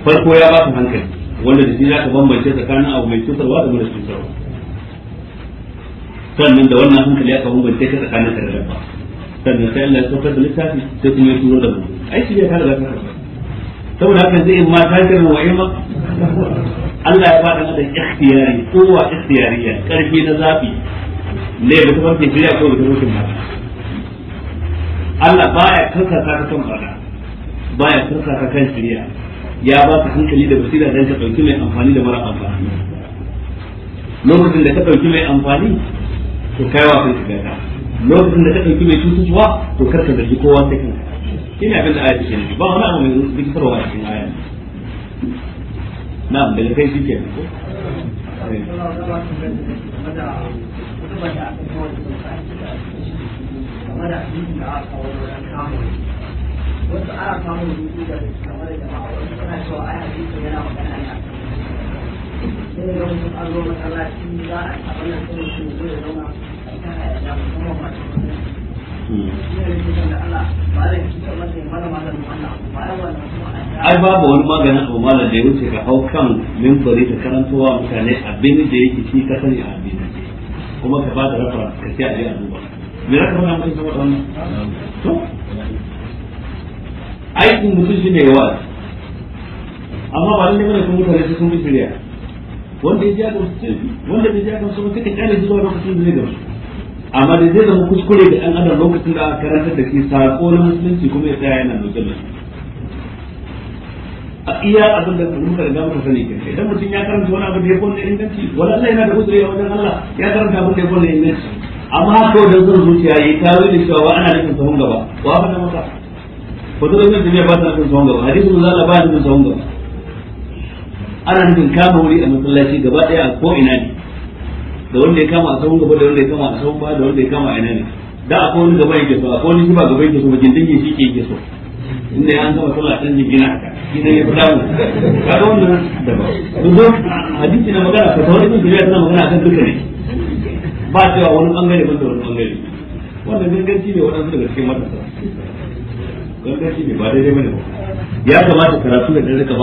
farko ya ba su hankali wanda da shi za ka bambance tsakanin abu mai cutarwa da mara cutarwa sannan da wannan hankali ya ka bambance ka tsakanin ka da rabba sannan sai Allah ya saukar da littafi sai kuma ya turo da mu ai shi ya ka da ka saboda haka zai in ma takirin wa ima Allah ya ba da da ikhtiyari kowa ikhtiyariya karfi na zafi ne ta farke shirya ko
ta ke ba
Allah baya karkata ka kan fada baya karkata kan shari'a ya ba ka hankali da basira dan ka dauki mai amfani da mara amfani lokacin da ka dauki mai amfani to kai wa kai ka ta lokacin da ka dauki mai cutuwa to kar ka zargi kowa sai kanka ina abin da ayati kenan ba wani abu mai zikarwa a cikin ayati na'am da kai shi kenan ko
Thank you. ai a babu wani
maganin abu da ya wuce ka hau kan mimfari da karantowa mutane abin da yake ci ka sani a abin kuma ka ba da rafa ka sai a yi a me za ka faɗa mutum saboda wannan to aikin mutum shi ne yawa amma ba lalle bane kun mutane sai sun bi shirya wanda ya ji aka wasu wanda bai ji aka wasu suka kyale zuwa lokacin da zai gamsu amma da zai zama kuskure da ɗan adam lokacin da aka karantar da ke sako na musulunci kuma ya tsaya yana nutsa da a iya abin da muka riga muka sani ke idan mutum ya karanta wani abu da ya kone inganci wani Allah yana da uzuri a wajen Allah ya karanta abin da ya kone inganci amma kawai dan zuwa zuciya yayi tawili cewa ana nufin sahun gaba wa fa nan maka fadar ibn tabiya ba ta nufin sahun gaba hadisin zalla ba nufin sahun gaba ana nufin kama wuri a masallaci gaba daya a ko ina ne da wanda ya kama a sahun gaba da wanda ya kama a sahun ba da wanda ya kama a ina ne da a kowani gaba yake so a kowani shi ba gaba yake so ba gindin ya shi yake so inda ya gama sallah dan jingina haka idan ya fada mu ka ga wannan da hadisi na magana ka tawari bin tabiya tana magana akan duka ne ba cewa wani bangare ban da wani bangare wannan gangarci ne waɗansu daga cikin matasa gangarci ne ba daidai bane ba ya kamata karatu da dare ka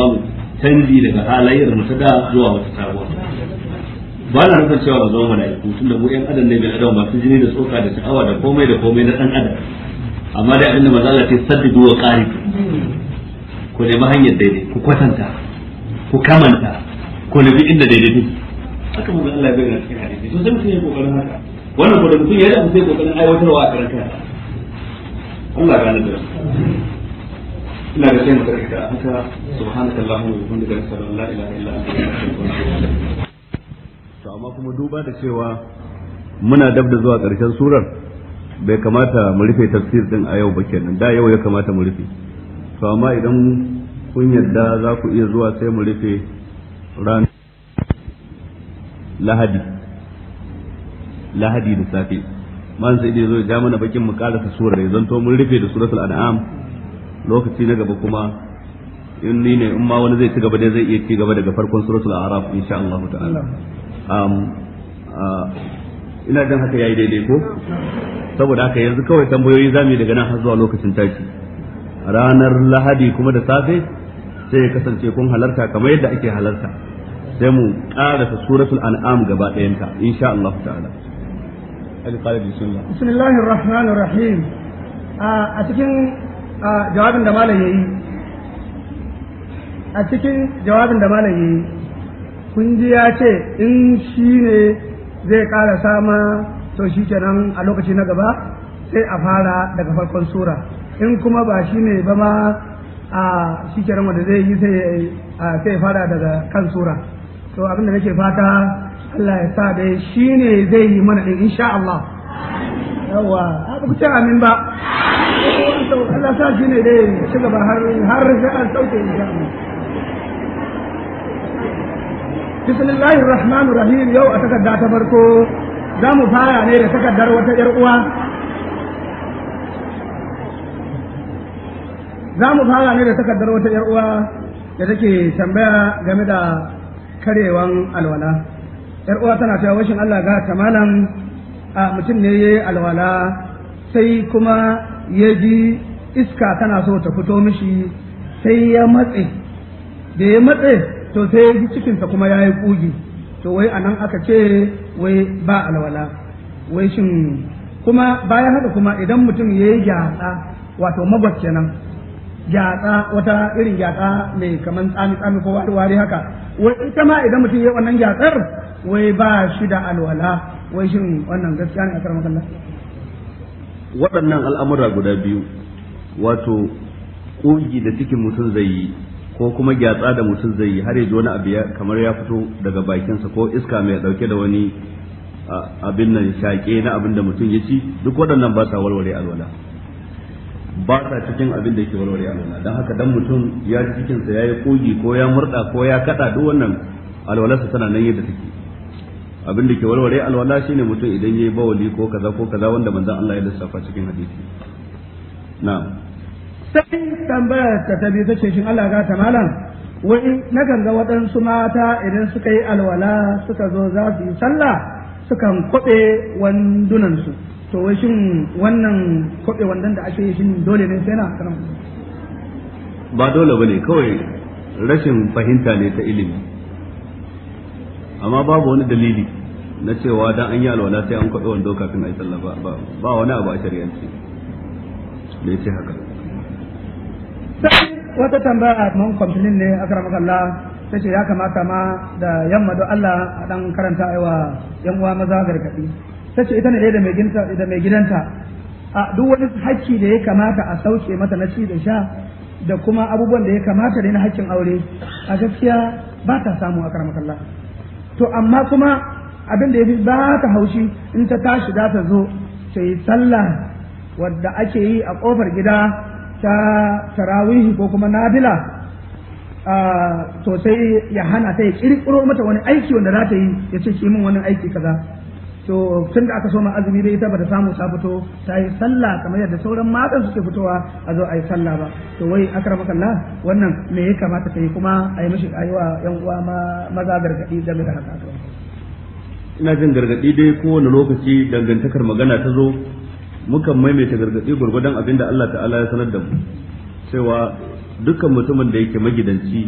canji daga halayyar mu ta da zuwa wata sabuwa ba na nufin cewa ba zama mala'iku tunda mu yan adam ne bil adam masu jini da tsoka da sha'awa da komai da komai na dan adam amma dai abinda manzo Allah ce saddidu duwa qari ku nemi hanyar daidai ku kwatanta ku kamanta ku nufi inda daidai haka mun Allah bai bayyana cikin hadisi to sai mutum ya kokarin haka wannan ko da mutum ya da sai kokarin
aiwatarwa a karanta Allah ya gane da ina da sai mutum karanta haka subhanakallahumma wa bihamdika ashhadu an la ilaha illa anta astaghfiruka wa atubu
to amma kuma duba da cewa muna dab da zuwa karshen surar bai kamata mu rufe tafsir din a yau ba kenan da yau ya kamata mu rufe to amma idan kun yadda za ku iya zuwa sai mu rufe ran lahadi lahadi da safe man sai dai zo ya mana bakin mu karasa surar ya zanto mun rufe da suratul an'am lokaci na gaba kuma in ni ne in ma wani zai ci gaba dai zai iya ci gaba daga farkon suratul a'raf insha Allah ta'ala um ina dan haka yayi daidai ko saboda haka yanzu kawai tambayoyi zamu daga nan har zuwa lokacin tashi ranar lahadi kuma da safe sai ya kasance kun halarta kamar yadda ake halarta sai mu ƙarasa suratul an'am gaba ɗayanta insha Allah ta'ala
bismillahir rahmanir rahim a cikin jawabin da malam yayi a cikin jawabin da malam yayi kun ji ya ce in shi ne zai ƙara sama to shi kenan a lokaci na gaba sai a fara daga farkon sura in kuma ba shi ne ba ma a kenan wanda zai yi sai ya fara daga kan sura to abin da nake fata Allah ya sa dai shine zai yi mana din insha Allah yawa a ce amin ba Allah sa shine dai shi gaba har har sai an sauke insha Allah bismillahir rahmanir rahim yau a takarda ta farko za mu fara ne da takardar wata yar uwa za mu fara ne da takardar wata yar uwa da take tambaya game da Karewan alwala yar uwa tana cewa washin Allah ga ta malam a mutum ne yayi alwala sai kuma ya ji iska tana so ta fito mishi sai ya matse da ya matse to sai ya ji cikinsa kuma ya yi kugi to wai anan aka ce wai ba alwala wai shin kuma bayan haka kuma idan mutum ya yi gyatsa wato mabas kenan gyatsa wata irin gyatsa mai kaman tsami tsami ko wari haka wai ita ma idan mutum ya wannan gyatsar wai ba shi da alwala wai shin wannan gaskiya ne a karamar kalla.
waɗannan al'amura guda biyu wato ƙugi da cikin mutum zai yi ko kuma gyatsa da mutum zai yi har ya ji wani abu kamar ya fito daga bakinsa ko iska mai ɗauke da wani abin nan shaƙe na abin da mutum ya ci duk waɗannan ba sa walwale alwala ba sa cikin abin da yake warware alwala dan haka dan mutum ya ji cikin sa yayi kogi ko ya murda ko ya kada duk wannan alwalarsa tana nan yadda take abin da ke warware alwala shine mutum idan yayi bawali ko kaza ko kaza wanda manzon Allah ya lissafa cikin hadisi na'am
sai tambaya ta tabi ta ce shin Allah ga ta malam wai na ganga waɗansu mata idan suka yi alwala suka zo za su yi sallah sukan kwaɓe wandunansu to wai shin wannan kwaɓe wandan da ake yi shin dole ne sai na karam
ba dole bane kawai rashin fahimta ne ta ilimi amma babu wani dalili na cewa dan an yi alwala sai an koɓe wando kafin a yi sallah ba ba wani abu a shari'ance da ya ce haka
wata tambaya mun kwamfilin ne a karamar Allah ta ce ya kamata ma da yamma don Allah a dan karanta aiwa yan uwa maza gargaɗi ta ce ita ne da da mai gidanta a duk wani hakki da ya kamata a sauke mata na ci da sha da kuma abubuwan da ya kamata da na hakkin aure a gaskiya ba ta samu a kalla to amma kuma abin da ya fi ba ta haushi in ta tashi za ta zo ta yi sallah wadda ake yi a ƙofar gida ta tarawihi ko kuma nabila to sai ya hana ta ya kirkiro mata wani aiki wanda za ta yi ya ce ki min wani aiki kaza to tun da aka soma azumi dai ita bata samu ta fito ta yi sallah kamar yadda sauran matan suke fitowa a zo a yi sallah ba to wai akramaka Allah wannan me ya kamata ta yi kuma a yi mishi ayiwa yan uwa maza gargadi game da haka
ina jin gargadi dai kowane lokaci dangantakar magana ta zo mukan maimaita gargadi gurgudan abinda Allah ta'ala ya sanar da mu cewa dukkan mutumin da yake magidanci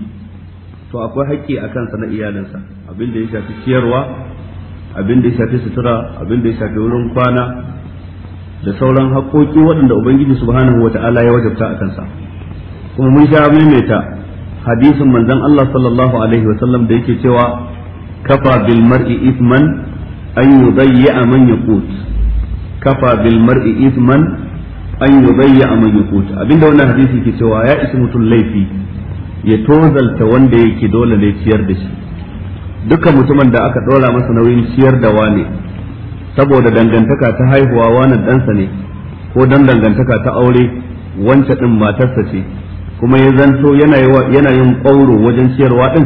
to akwai hakki a kansa na iyalinsa abin ya shafi ciyarwa abin da ya shafi sutura abin da ya shafi wurin kwana da sauran haƙoƙi waɗanda ubangiji subhanahu wata'ala ya wajabta a kansa kuma mun sha maimaita hadisin manzon Allah sallallahu alaihi wa sallam da yake cewa kafa bil mar'i ithman an yudayya man yaqut kafa bil mar'i ithman an yudayya man yaqut abinda wannan hadisi ke cewa ya ismutul mutum laifi ya tozalta wanda yake dole ne ciyar da shi dukkan mutumin da aka ɗora masa nauyin ciyar da wane saboda dangantaka ta haihuwa wani ɗansa ne ko dan dangantaka ta aure wancan ɗin matarsa ce kuma ya zanto yana yin ƙauro wajen ciyarwa ɗin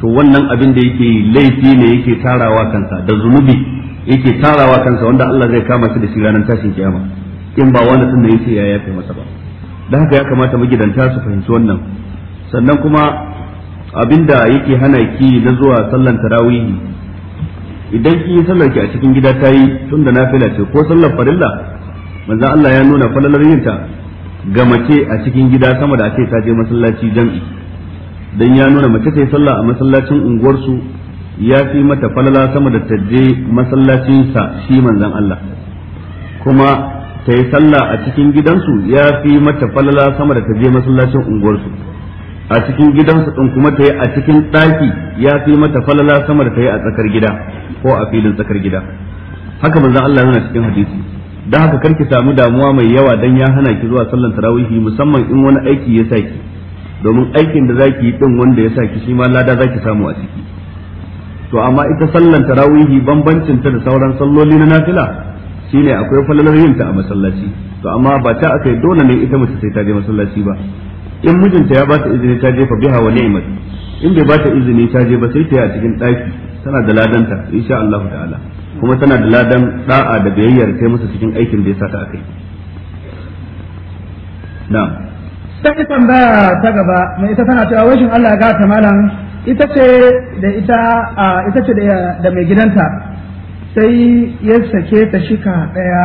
to wannan abin da yake laifi ne yake tarawa kansa da zunubi yake tarawa kansa wanda Allah zai kama shi da shi ranar tashin kiyama in ba wani da ne yace ya yafe masa ba da haka ya kamata mu gidanta su fahimci wannan sannan kuma abinda yake hana ki na zuwa sallan tarawihi idan ki yi sallar ki a cikin gida ta yi tun da nafila ce ko sallar farilla manzo Allah ya nuna falalar yinta ga mace a cikin gida sama da ake ta je masallaci jam'i dan ya nuna mace ta yi sallah a masallacin unguwarsu ya fi mata falala sama da ta je masallacinsa shi manzon Allah kuma ta yi sallah a cikin gidansu ya fi mata falala sama da ta je masallacin unguwarsu a cikin gidansa din kuma ta yi a cikin ɗaki ya fi mata falala sama da ta yi a tsakar gida ko a filin tsakar gida haka manzon Allah yana cikin hadisi dan haka karki samu damuwa mai yawa dan ya hana ki zuwa sallar tarawihi musamman in wani aiki ya saki domin aikin da zaki yi din wanda ya saki shi ma lada zaki samu a ciki to amma ita sallar tarawihi bambancin ta da sauran salloli na nafila shine akwai falalar yin ta a masallaci to amma ba ta akai dole ne ita mace sai ta je masallaci ba in mijinta ya bata izini ta jefa biha wa ni'mat in bai bata izini ta je ba sai ta yi a cikin daki tana da ladanta insha Allah ta'ala kuma tana da ladan da'a da biyayyar kai masa cikin aikin da ya
saka akai na'am
sai tambaya ta gaba mai ita tana cewa washin Allah ga ta malam ita ce da ita ita ce da mai gidanta sai ya sake ta shika daya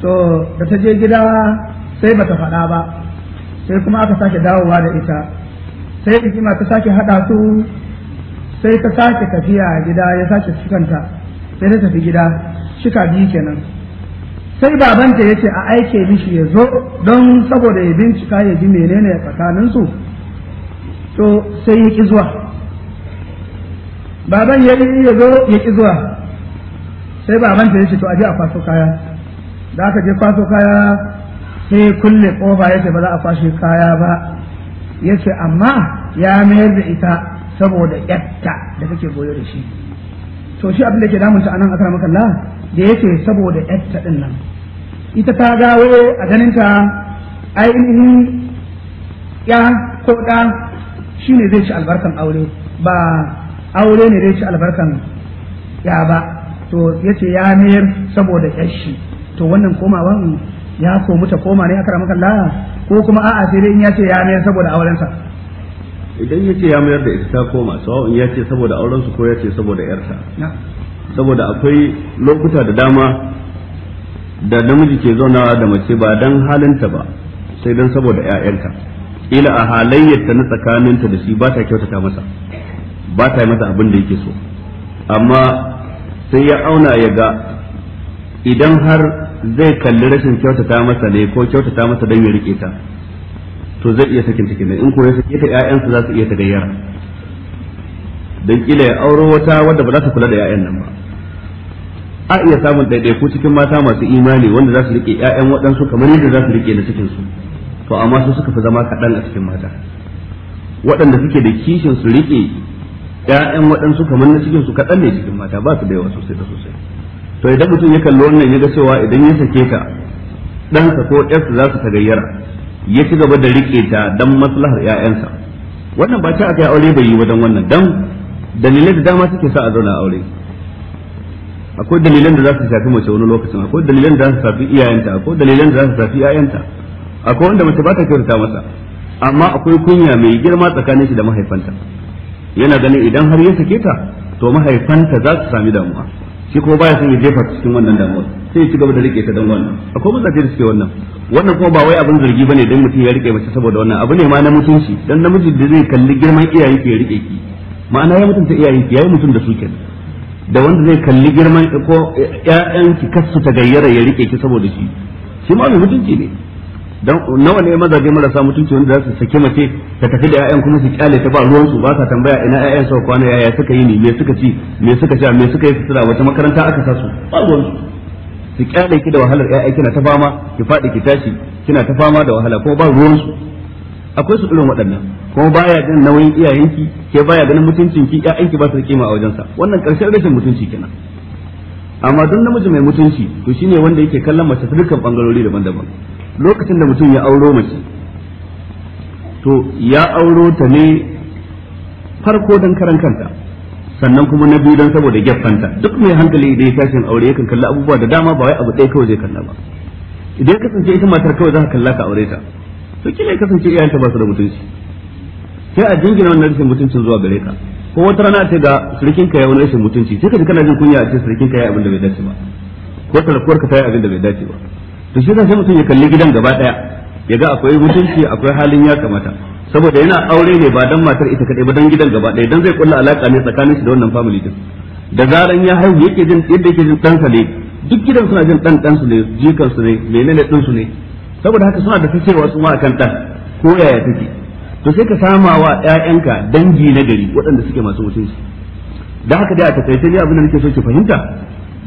to da ta je gida sai bata faɗa ba sai kuma aka sake dawowa da ita sai rigima ta sake haɗa su sai ta sake tafiya gida ya sake cikanta sai ta tafi gida shika biyu kenan sai babanta ya ce a aike mishi ya zo don saboda ya bincika ya ji menene ya tsakaninsu to sai ya ƙi zuwa baban ya ya zo ya ƙi zuwa sai babanta ya ce to aje a kwaso kaya da aka je kwaso kaya sai kulle kofa ya ba za a kwashe kaya ba ya amma ya mayar da ita saboda yatta da kake goyo da shi to shi abin da ke damunta anan akara makalla da yake saboda yatta din nan ita ta gawo a ganinta ainihin ya ko ɗa shi ne zai ci albarkan aure ba aure ne zai ci albarkan ya ba to yace ya mayar saboda yashi to wannan komawan ya mu ta koma ne aka maka Allah ko kuma a'a sai dai ya ce ya mayar saboda auren sa
idan ya ce ya mayar da ita ta koma in ya ce saboda auren su ko ya ce saboda yarsa saboda akwai lokuta da dama da namiji ke zaunawa da mace ba dan halinta ba sai dan saboda ƴaƴanta ila a halayyarta na tsakaninta da shi ba ta kyautata masa ba ta yi masa abin da yake so amma sai ya auna ya ga idan har zai kalli rashin kyautata masa ne ko kyautata masa don ya rike ta to zai iya sakin cikin in ko ya sake ta ƴaƴansa za su iya ta gayyara dan kila ya auro wata wanda ba za ta kula da ƴaƴan nan ba a iya samun ɗaiɗaiku cikin mata masu imani wanda za su rike ƴaƴan waɗansu kamar yadda za su rike na cikin su to amma su suka fi zama kaɗan a cikin mata waɗanda suke da kishin su rike ƴaƴan waɗansu kamar na cikin su kaɗan ne cikin mata ba su da yawa sosai da sosai to idan mutum ya kalli wannan ya ga cewa idan ya sake ta ɗansa ko ƴarsa za su tagayyara ya ci gaba da riƙe ta don maslahar ƴaƴansa wannan ba ta aka yi aure bai yi wajen wannan dan dalilai da dama suke sa a zauna aure akwai dalilan da za su shafi mace wani lokacin akwai dalilan da za su shafi iyayenta akwai dalilan da za su shafi ƴaƴanta akwai wanda mace ba ta kyautata masa amma akwai kunya mai girma tsakanin shi da mahaifanta yana ganin idan har ya sake ta to mahaifanta za su sami damuwa shi kuma baya son ya jefa cikin wannan damuwar sai ya ci gaba da rike ta dan wannan akwai mutane da suke wannan wannan kuma ba wai abin zargi bane dan mutum ya rike mace saboda wannan abu ne ma na mutunci dan namiji da zai kalli girman iyaye ya rike ki ma'ana ya mutunta iyaye ki yayi mutun da su da wanda zai kalli girman ko ƴaƴan ki kasu ta gayyara ya rike ki saboda shi shi ma mutunci ne dan nawa ne mazaje marasa mutunci wanda za su sake mace ta tafi da ƴaƴan kuma su kyale ta ba ruwan su ba sa tambaya ina ƴaƴan su kwana yaya suka yi ne me suka ci me suka sha me suka yi sutura wata makaranta aka sa su ba ruwan su su kyale ki da wahalar ƴaƴa kina ta fama ki faɗi ki tashi kina ta fama da wahala kuma ba ruwan su akwai su irin waɗannan kuma baya ganin nauyin iyayenki ke baya ganin mutuncin mutuncinki ƴaƴanki ba su da kima a wajensa wannan ƙarshen rashin mutunci kenan amma duk namiji mai mutunci to shine wanda yake kallon mace ta dukkan bangarori daban-daban lokacin da mutum ya auro mace to ya auro ta ne farko don karan kanta sannan kuma na biyu don saboda gyaffanta duk mai hankali da ya tashin aure yakan kalla abubuwa da dama ba wai abu ɗaya kawai zai kalla ba idan kasance ita matar kawai za ka kalla ka aure ta to kina ya kasance iyayenta ba su da mutunci sai a jingina wannan rashin mutuncin zuwa gare ka ko wata rana ta ga surikinka ya wani rashin mutunci sai ka ji kana jin kunya a ce ka ya abin da bai dace ba ko ka ta yi abin da bai dace ba to shi sai mutum ya kalli gidan gaba daya ya ga akwai mutunci akwai halin ya kamata saboda yana aure ne ba dan matar ita kadai ba dan gidan gaba daya dan zai kulla alaka ne tsakanin shi da wannan family din da zaran ya haihu yake jin yadda yake jin ɗansa ne duk gidan suna jin ɗan ɗansu ne su ne menene ɗinsu ne saboda haka suna da cewa su ma kan ɗan ko yaya take to sai ka sama wa ƴaƴanka dangi na gari waɗanda suke masu mutunci da haka dai a takaice ne abin da nake so ki fahimta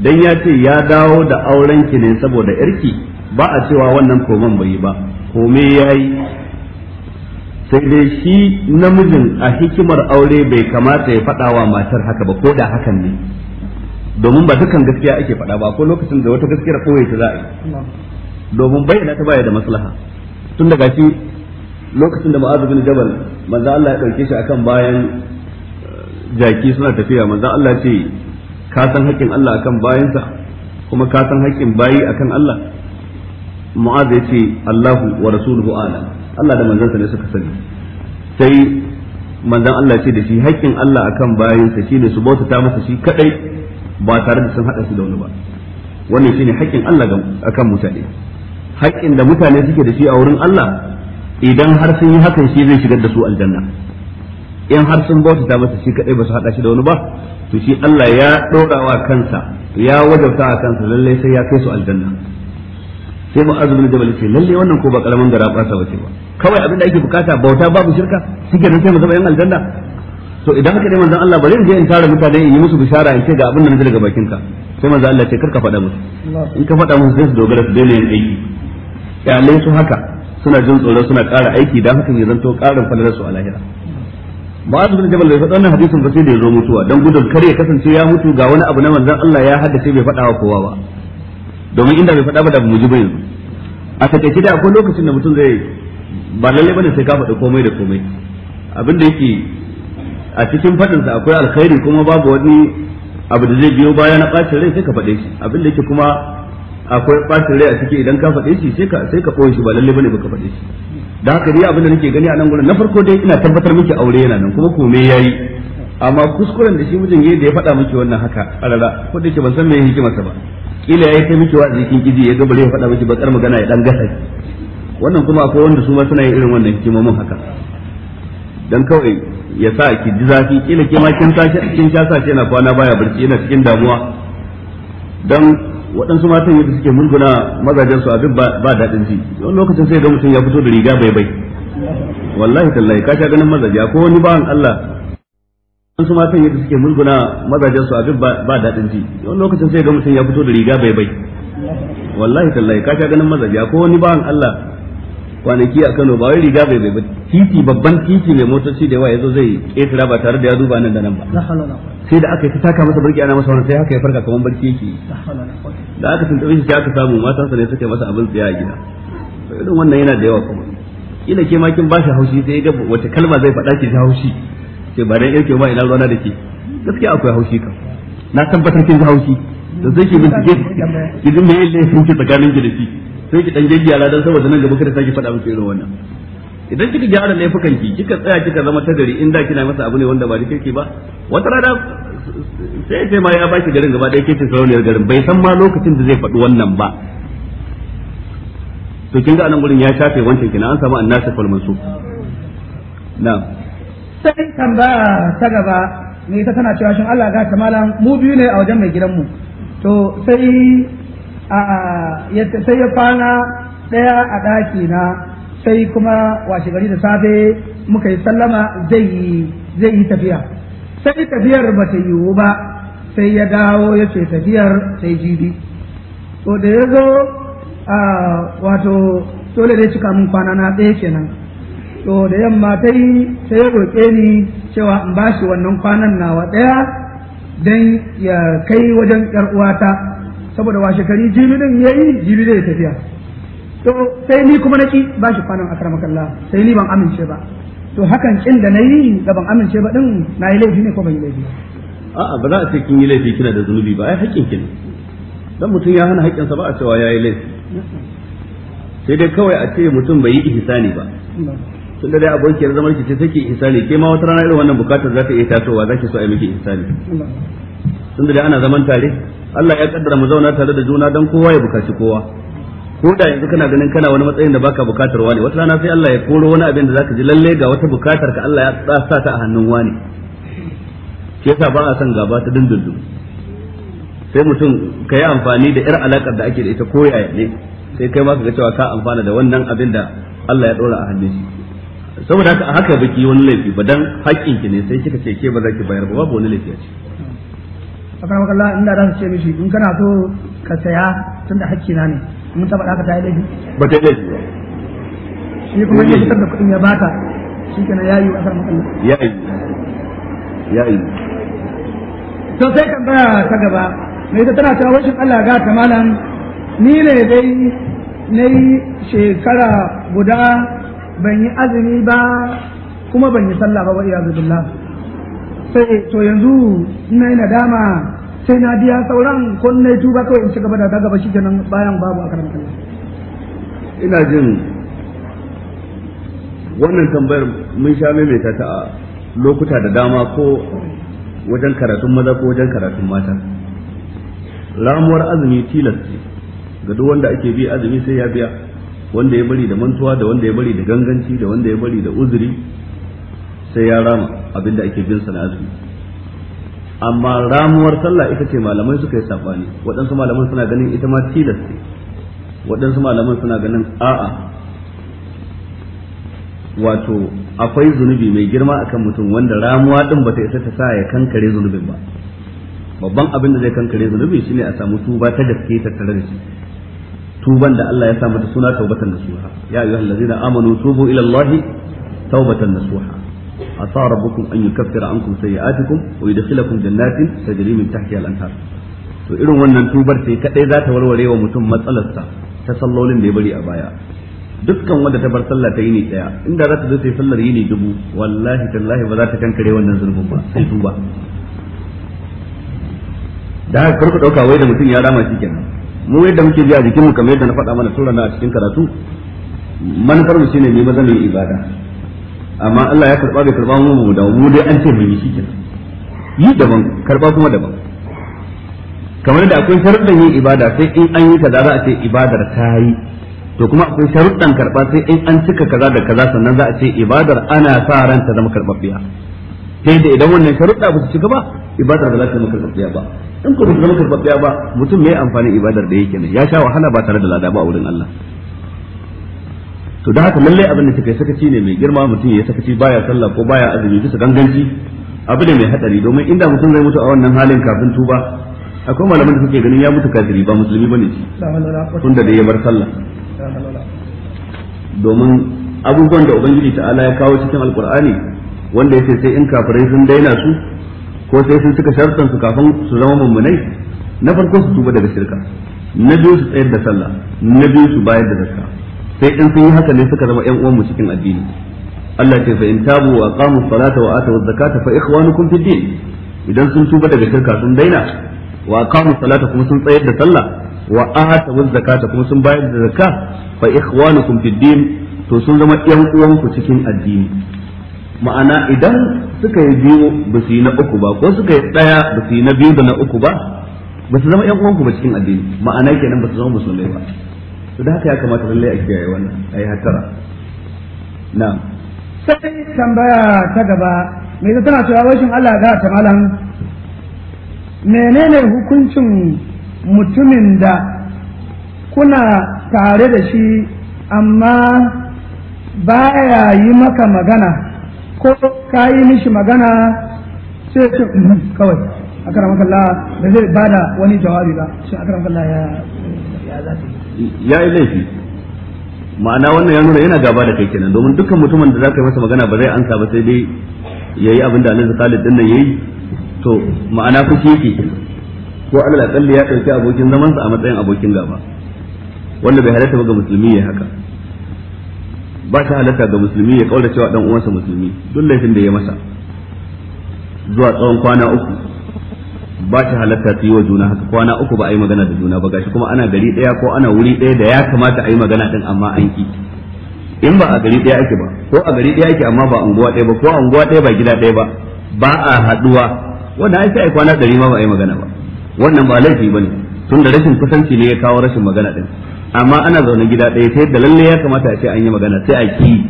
dan ya ce ya dawo da auren ki ne saboda yarki ba a cewa wannan koman bai yi ba kome ya yi sai dai shi namijin a hikimar aure bai kamata ya faɗa wa matar haka ba ko da hakan ne domin ba dukan gaskiya ake faɗa ba ko lokacin da wata gaskiyar koyi ta za a yi domin bayyana ta baya da maslaha tun daga shi lokacin da ma'azu bin jabal manzo Allah ya dauke shi akan bayan eh, jaki suna tafiya manzo Allah ce ka san haƙƙin Allah akan bayansa kuma ka san haƙƙin bayi akan Allah mu'az ya ce Allahu wa rasuluhu ala Allah da manzansa ne suka sani sai manzan Allah ce da shi haƙƙin Allah akan bayansa shine su bauta ta masa shi kadai ba tare da sun hada su da wani ba wannan shine haƙƙin Allah akan mutane haƙƙin da mutane suke da shi a wurin Allah idan har sun yi hakan shi zai shigar da su aljanna in har sun ta masa shi kadai ba su hada shi da wani ba to shi Allah ya ɗora wa kansa ya wajabta a kansa lallai sai ya kai su aljanna sai ba azumin jabal ce lalle wannan ko ba karaman gara ba bace ba kawai abin ake bukata bauta babu shirka shike nan sai mu zama yan aljanna to idan haka ne manzon Allah bari in je in tara mutane in yi musu bishara in ce ga abin da naji daga bakin ka sai manzon Allah ce karka faɗa musu in ka faɗa musu sai su dogara su daina yin aiki kyalai su haka suna jin tsoro suna ƙara aiki dan haka ne zanto ƙarin falalar su a lahira Mu'adh bin Jabal bai faɗa wannan hadisin ba sai da ya zo mutuwa dan gudun kar ya kasance ya mutu ga wani abu na manzon Allah ya haddace bai faɗa wa kowa ba domin inda bai faɗa ba da mu ji ba yanzu a takaice da akwai lokacin da mutum zai ba lalle bane sai ka faɗi komai da komai abin da yake a cikin faɗin sa akwai alkhairi kuma babu wani abu da zai biyo baya na ɓacin rai sai ka faɗe shi abin da yake kuma akwai ɓacin rai a ciki idan ka faɗe shi sai ka sai ka ɓoye shi ba lalle bane ba ka faɗe shi da haka dai abin da nake gani a nan gurin na farko dai ina tabbatar miki aure yana nan kuma kome yayi amma kuskuren da shi mijin yayi da ya faɗa miki wannan haka rara ko da yake ban san me masa ba kila yayi ta miki wa'azi kin kiji ya gabare ya faɗa miki bakar magana ya dan gasa wannan kuma akwai wanda su ma suna yin irin wannan hikimomin haka dan kawai ya sa ki ji zafi kila ke ma kin kin sha sa yana kwana baya barci yana cikin damuwa dan waɗansu matan yadda suke mulguna mazajen su abin ba daɗin ji wani lokacin sai ga mutum ya fito da riga bai bai wallahi tallahi ka sha ganin mazaje ko wani bawan Allah su matan yadda suke mulguna mazajen su abin ba daɗin ji wani lokacin sai ga mutum ya fito da riga bai bai wallahi tallahi ka sha ganin mazaje ko wani bawan Allah kwanaki a Kano ba wai riga bai bai titi babban titi mai motoci da yawa yazo zai ketara ba tare da ya duba nan da nan ba sai da aka yi taka masa barki ana masa wannan sai haka ya farka kamar barki yake da aka tuntuɓe shi aka samu sa ne suke masa abin tsaya a gida irin wannan yana da yawa kuma kila ke ma kin ba shi haushi sai ga wace kalma zai faɗa ki ta haushi ce ba dan yarke ba ina ruwana da ke gaskiya akwai haushi kan na tabbatar kin ga haushi da sai ki bincike ki ji mai yalle sun ki tsakanin ki da shi sai ki dan gyara dan saboda nan gaba kada sake faɗa miki irin wannan idan kika gyara laifukan ki kika tsaya kika zama ta gari inda kina masa abu ne wanda ba da kike ba wata rana sai sai ma ya baki garin gaba ɗaya kike sarauniyar garin bai san ma lokacin da zai faɗi wannan ba to kinga anan gurin ya shafe wancan kina an samu annasa falmansu na'am
sai tambaya ta gaba ne ta tana cewa shin Allah ga kamala mu biyu ne a wajen mai gidanmu to sai a sai ya fana daya a daki na sai kuma washe gari da safe muka yi sallama zai yi zai yi tafiya sai tafiyar ba ta yiwu ba sai ya dawo ya ce tafiyar sai jibi to da ya zo wato dole dai cika mun kwana na ɗaya kenan to da yamma ta yi sai ya roƙe ni cewa in ba shi wannan kwanan nawa ɗaya don ya kai wajen ƴar uwata saboda washekari jibi din ya yi jibi ya tafiya to sai ni kuma naki ba shi kwanan a akramakallah sai ni ban amince ba to hakan kin da na yi da ban amince ba din na yi laifi ne ko ban yi laifi
a'a ba za a ce kin yi laifi kina da zunubi ba ai haƙƙin kin dan mutum ya hana haƙƙinsa ba a cewa ya yi laifi sai dai kawai a ce mutum bai yi ihsani ba tunda dai aboki na zaman ki ce take ihsani ke ma wata rana irin wannan bukatar za ta iya tasowa zaki so a miki ihsani tunda dai ana zaman tare Allah ya kaddara mu zauna tare da juna dan kowa ya bukaci kowa ko da yanzu kana ganin kana wani matsayin da baka bukatar wani wata rana sai Allah ya koro wani abin da zaka ji lalle ga wata bukatar ka Allah ya sa ta a hannun wani ke sa ba a son gaba ta dindindin sai mutum ka yi amfani da 'yar alakar da ake da ita ko yaya ne sai kai ma ka ga cewa ka amfana da wannan abin da Allah ya ɗora a hannun shi saboda haka haka baki wani laifi ba dan haƙƙin ki ne sai kika ce ke ba za ki bayar ba babu wani laifi a ciki
akan wakalla inda za su ce mishi in kana so ka saya tunda hakki na ne mun taba da ka ta yi laifi ba ta laifi ba shi kuma ya fitar da kuɗin ya baka shi kenan yayi a kan wakalla
yayi yayi
to sai kan ba ta gaba mai ta tana cewa washin Allah ga ta malam ni ne dai nayi shekara guda ban yi azumi ba kuma ban yi sallah ba wa billah sai to yanzu ina yi nadama sai na biya sauran ko na tuba kawai in ci gaba da daga ba shikenan bayan babu a karanta
ina jin wannan tambayar mun sha maimaita ta a lokuta da dama ko wajen karatun maza ko wajen karatun mata ramuwar azumi tilas ga duk wanda ake bi azumi sai ya biya wanda ya bari da mantuwa da wanda ya bari da ganganci da wanda ya bari da uzuri sai ya rama abinda ake bin sa na azumi amma ramuwar sallah ita ce malamai suka yi sabani waɗansu malaman suna ganin ita ma tilas ce waɗansu malaman suna ganin a'a wato akwai zunubi mai girma akan mutum wanda ramuwa din ta isa ta sa ya kankare zunubin ba babban abin da zai kankare zunubi shine a samu tuba ta gaske tattare da shi tuban da Allah ya sa mata suna taubatan nasuha ya ayyuhal ladzina amanu tubu ila Allah taubatan nasuha asa rabbukum an yi yukaffira ankum sayi'atikum wa yudkhilakum jannatin tajri min tahtiha al-anhar to irin wannan tubar ce kaɗai za ta warware wa mutum matsalarsa ta sallolin da ya bari a baya dukkan wanda ta bar sallah ta yini daya inda za ta zo ta yi sallar yini dubu wallahi tallahi ba za ta kankare wannan zulmin ba sai tuba da haka ku ɗauka wai da mutum ya rama shi mu yadda muke biya jikin mu kamar yadda na faɗa mana sura na cikin karatu manufar mu shine ne maza mu yi ibada amma Allah ya karba bai karba mu mu da mu dai an ce mu yi shikenan yi daban karba kuma daban kamar da akwai sharuɗan yin ibada sai in an yi kaza za a ce ibadar ta yi to kuma akwai sharuɗan karba sai in an cika kaza da kaza sannan za a ce ibadar ana sa ran ta zama karɓaɓɓiya Sai da idan wannan sharuɗa ba su cika ba ibadar da za ta zama ba in ko zama ba mutum mai amfanin ibadar da yake ne ya sha wahala ba tare da lada ba a wurin Allah to da haka lallai abin da take sakaci ne mai girma mutum ya sakaci baya sallah ko baya azumi bisa ganganci abu ne mai hadari domin inda mutum zai mutu a wannan halin kafin tuba akwai malaman da suke ganin ya mutu kafiri ba musulmi bane shi tunda da ya bar sallah domin abubuwan da ubangiji ta'ala ya kawo cikin alkur'ani wanda yake sai in kafirai sun daina su ko sai sun cika sharuɗan su kafin su zama mummunai na farko su tuba daga shirka na biyu su tsayar da sallah na biyu su bayar da zakka sai in sun yi haka ne suka zama ƴan uwan mu cikin addini Allah ce fa in tabu wa aqamu salata wa atu zakata fa ikhwanukum fid din idan sun tuba daga shirka sun daina wa aqamu salata kuma sun tsayar da sallah wa atu zakata kuma sun bayar da zakka fa ikhwanukum fid din to sun zama ƴan uwan ku cikin addini ma'ana idan suka yi biyu ba su yi na uku ba ko suka yi daya ba su yi na biyu da na uku ba ba su zama yan uwanku ba cikin addini ma'ana kenan ba su zama musulmai ba to da haka ya kamata lalle a kiyaye wannan yi hatara na.
sai tambaya ta gaba me ta tana cewa rashin Allah ga ta malam menene hukuncin mutumin da kuna tare da shi amma baya yi maka magana ko ka yi mishi magana sai ce mm, kawai a karamar Allah da zai bada wani jawabi ba sai a karamar Allah ya za
ya yi laifi ma'ana wannan ya nuna yana gaba da kai kenan domin dukkan mutumin da za ka yi masa magana ba zai ansa ba sai dai ya yi abin da annabi Khalid din nan ya yi to ma'ana kuke yake ko Allah kalli ya ɗauki abokin zamansa a matsayin abokin gaba wanda bai halatta ba ga musulmi ya haka ba ta halatta ga musulmi ya kaura cewa dan uwansa musulmi duk laifin da ya masa zuwa tsawon kwana uku ba ta halatta su yi wa juna haka kwana uku ba a yi magana da juna ba gashi kuma ana gari daya ko ana wuri daya da ya kamata a yi magana din amma an ki in ba a gari daya ake ba ko a gari daya ake amma ba unguwa daya ba ko unguwa daya ba gida daya ba ba a haduwa wannan ai sai kwana dari ma ba a yi magana ba wannan ba laifi bane tunda rashin kusanci ne ya kawo rashin magana din amma ana zaune gida ɗaya ta yadda lalle ya kamata a ce an yi magana sai a ki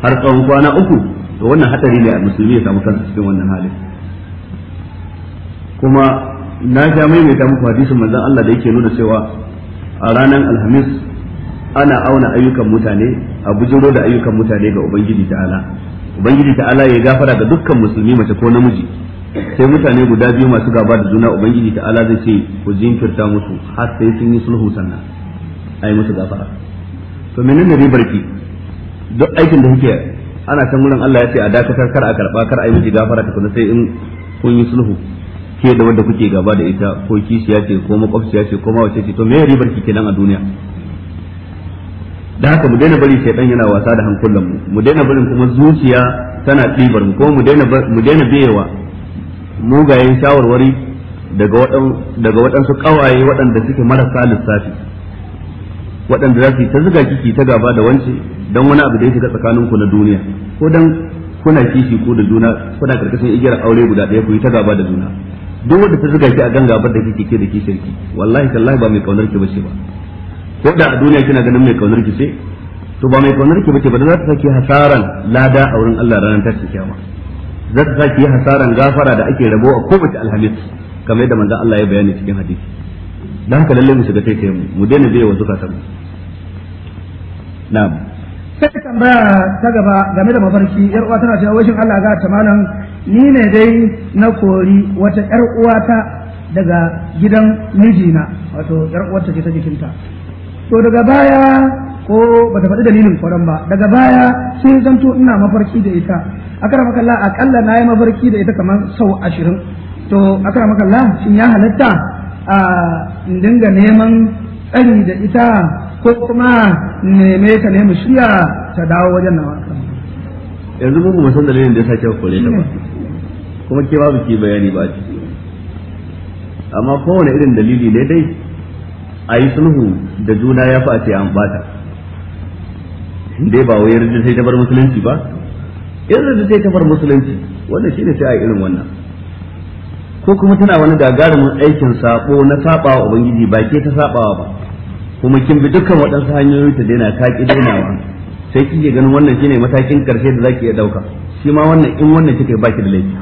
har tsawon kwana uku to wannan hatsari ne a musulmi ya samu kansa cikin wannan halin kuma na sha mai muku hadisin manzon Allah da yake nuna cewa a ranar alhamis ana auna ayyukan mutane a bujiro da ayyukan mutane ga ubangiji ta'ala ubangiji ta'ala ya gafara ga dukkan musulmi mace ko namiji sai mutane guda biyu masu gaba da juna ubangiji ta'ala zai ce ku jinkirta musu har sai sun yi sulhu sannan a yi musu gafara to menene ribar ki duk aikin da kuke ana san gurin Allah ya ce a dakatar kar a karba kar a yi miki gafara kuma sai in kun yi sulhu ke da wanda kuke gaba da ita ko kishiya ce ko makwabciya ce ko mawace ce to me ribar ki kenan a duniya da haka mu daina bari shaitan yana wasa da hankulan mu mu daina barin kuma zuciya tana ɗibar mu kuma mu daina mu daina biyewa mugayen shawarwari daga waɗansu ƙawaye waɗanda suke marasa lissafi waɗanda za su yi ta zuga kiki ta gaba da wance don wani abu da ya shiga tsakaninku na duniya ko don kuna kishi ko da juna kuna karkashin igiyar aure guda ɗaya ku yi ta gaba da juna duk wanda ta zuga ki a ganga bar da kike ke da kishin ki wallahi tallahi ba mai kaunar ki ce ba ko da a duniya kina ganin mai kaunar ki ce to ba mai kaunar ki ba ce ba za ta saki hasaran lada a wurin Allah ranar ta kiyama za ta saki hasaran gafara da ake rabo a kowace alhamis kamar yadda manzon Allah ya bayani cikin hadisi dan haka lalle mu shiga taitaye mu mu daina bai wa zukatan mu Sai
sai tambaya ta gaba game da mafarki yar uwa tana cewa wajen Allah ga ta malam ni ne dai na kori wata yar uwata daga gidan mijina wato yar uwarta ke ta jikinta to daga baya ko bata faɗi dalilin kwaron ba daga baya sai zanto ina mafarki da ita akara makalla akalla na yi mafarki da ita kamar sau ashirin to akara makalla shin ya halatta a dinga neman tsari da ita ko kuma neme ta ne shirya ta dawo wajen nawa
yanzu mu ba san dalilin da ya sake kore ta ba kuma ke babu ke bayani ba ce. amma kowane irin dalili ne dai a yi sulhu da juna ya fi a ce an bata dai ba wai yarda sai ta bar musulunci ba yarda sai ta bar musulunci wanda shi ne sai a irin wannan ko kuma tana wani gagarumin aikin sabo na sabawa ubangiji ba ke ta sabawa ba kuma kin bi dukkan waɗansu hanyoyi ta daina ka ki dainawa sai kike ganin wannan shine matakin ƙarshe da zaki iya dauka shi ma wannan in wannan kike baki da laifi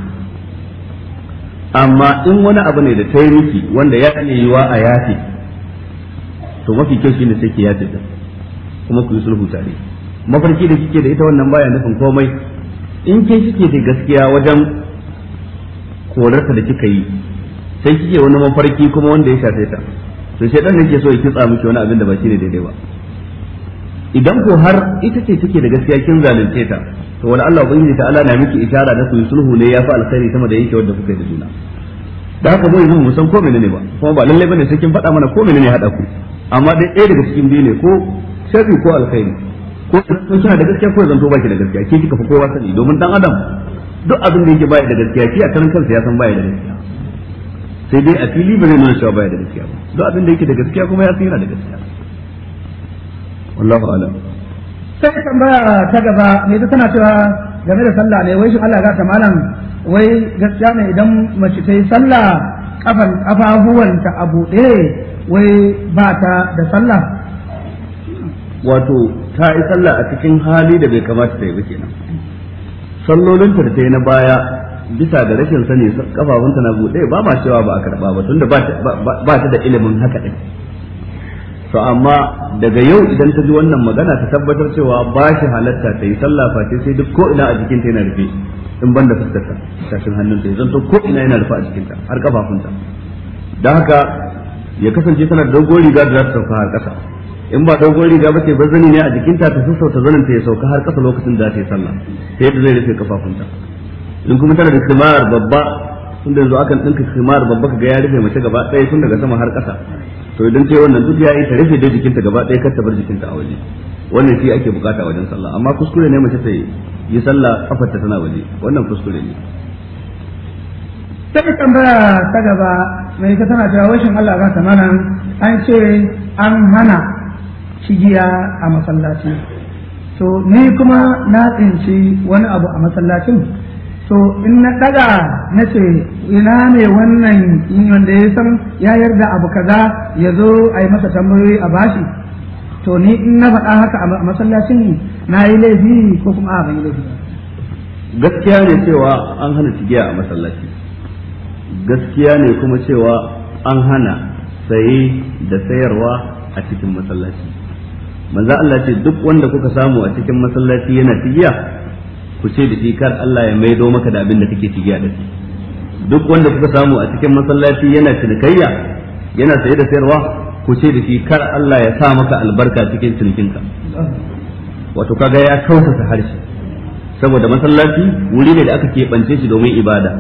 amma in wani abu ne da ta yi miki wanda ya ne yiwa a yafe to mafi kyau shine sai ki yafe ta kuma ku yi sulhu tare mafarki da kike da ita wannan baya nufin komai in ke kike da gaskiya wajen korarta da kika yi sai kike wani mafarki kuma wanda ya shafe ta to shaitan ne ke so ya kitsa miki wani abin da ba shi ne daidai ba idan ko har ita ce take da gaskiya kin zalunce ta to wala Allah ubangiji ta Allah na miki ishara da su sulhu ne yafi alkhairi sama da yake wanda kuka yi da juna da haka bai mu san ko menene ba kuma ba lalle bane sai kin faɗa mana ko menene hada ku amma dai ɗaya daga cikin biyu ne ko sharri ko alkhairi ko kina da gaskiya ko zanto baki da gaskiya ke kika fa kowa sani domin dan adam duk abin da yake bai da gaskiya ki a karan kansa ya san bai da gaskiya sai dai a fili ba zai nuna cewa baya da gaskiya ba duk abin da yake da gaskiya kuma ya tsira da gaskiya wallahu alam
sai ka tambaya ta gaba me ta tana cewa game da sallah ne wai shi Allah ya ta malam wai gaskiya ne idan mace ta yi sallah kafan kafafuwanta a buɗe wai ba ta da sallah
wato ta yi sallah a cikin hali da bai kamata ta yi ba kenan sallolinta da ta yi na baya bisa da rashin sani kafafunta na buɗe ba ma cewa ba a karɓa ba tunda ba ta da ilimin haka ɗin to amma daga yau idan ta ji wannan magana ta tabbatar cewa ba shi halatta ta yi sallah face sai duk ko ina a jikin ta yana rufe in banda fuskarta tashin hannun ta zanto ko ina yana rufe a jikin ta har kafafunta dan haka ya kasance tana da dogon riga da za ta sauka har ƙasa in ba dogon riga ba ce ba zani ne a jikinta ta sassauta zanin ta ya sauka har ƙasa lokacin da ta yi sallah sai yadda zai rufe kafafunta in kuma tana da khimar babba sun da yanzu akan ɗinka khimar babba ka ya rufe mace gaba ɗaya sun daga sama har ƙasa to idan ce wannan duk ya yi ta rufe dai jikinta gaba ɗaya kar ta bar jikinta a waje wannan shi ake bukata wajen sallah amma kuskure ne mace ta yi sallah kafarta tana waje wannan kuskure ne
take tambaya ta gaba mai ta tana cewa washin Allah ba ta mana an ce an hana cigiya a masallaci to ni kuma na tsinci wani abu a masallacin to in na daga na ce ina ne wannan wanda ya san ya yarda abu kaza ya zo a yi masa tambayoyi a bashi to ni in na faɗa haka a masallacin na yi laifi ko kuma a yi laifi gaskiya ne cewa
an hana cigiya a masallaci gaskiya ne kuma cewa an hana saye da sayarwa a cikin masallaci manzo Allah ce duk wanda kuka samu a cikin masallaci yana cigiya ku ce da shi kar Allah ya maido maka da abin da kake ciki a shi duk wanda kuka samu a cikin masallaci yana cinikayya yana saye da sayarwa ku ce da shi kar Allah ya sa maka albarka cikin cinikinka wato kaga ya kautata harshe saboda masallaci wuri ne da aka keɓance shi domin ibada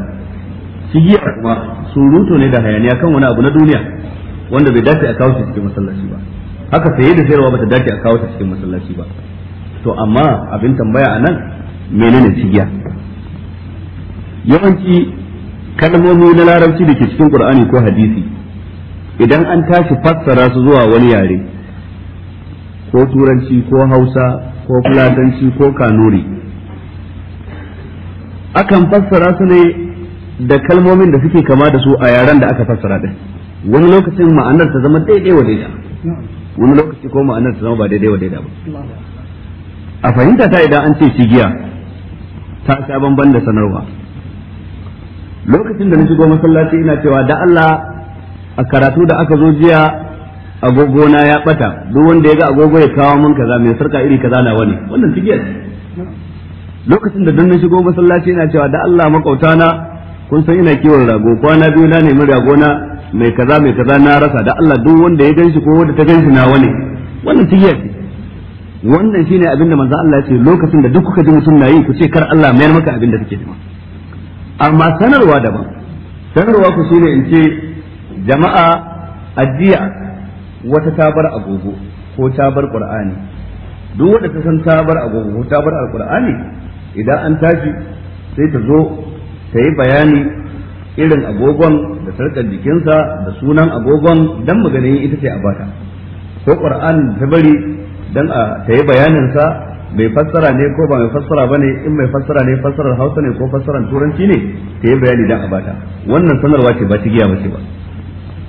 cigiya kuma surutu ne da hayaniya kan wani abu na duniya wanda bai dace a kawo shi cikin masallaci ba haka saye da sayarwa bata dace a kawo shi cikin masallaci ba to amma abin tambaya a nan menene cigiya yawanci kalmomi na larabci da ke cikin qur'ani ko hadisi idan an tashi fassara su zuwa wani yare ko turanci ko hausa ko fulatanci ko kanuri akan fassara su ne da kalmomin da suke kama da su a yaren da aka fassara din wani lokacin ma'anar ta zama daidai wa daida wani lokaci ko ma'anar ta zama ba daidai wa daida ba a fahimta ta idan an ce cigiya ta sha bamban da sanarwa lokacin da na shigo masallaci ina cewa da Allah a karatu da aka zo jiya agogo na ya bata duk wanda ya ga agogo ya kawo mun kaza mai sarka iri kaza na wani wannan tigiya lokacin da dan na shigo masallaci ina cewa da Allah makautana kun san ina kiwon rago kwana biyu na nemi rago na mai kaza mai kaza na rasa da Allah duk wanda ya ganshi ko wanda ta ganshi na wani wannan tigiya ce wannan shine abinda manzo Allah ya ce lokacin da duk kuka ji mutum na yi ku ce kar Allah mayar maka abin da kake nema amma sanarwa daban sanarwa ku shine in ce jama'a ajiya wata tabar agogo ko tabar qur'ani duk wanda ta san tabar agogo ko tabar alqur'ani idan an tashi sai ta zo ta yi bayani irin agogon da sarkar jikinsa da sunan agogon dan maganin ita ce a bata ko da ta bari dan a ta yi bayanin sa mai fassara ne ko ba mai fassara ba ne in mai fassara ne fassarar hausa ne ko fassarar turanci ne ta yi bayani dan a bata wannan sanarwa ce ba cigiya ba ce ba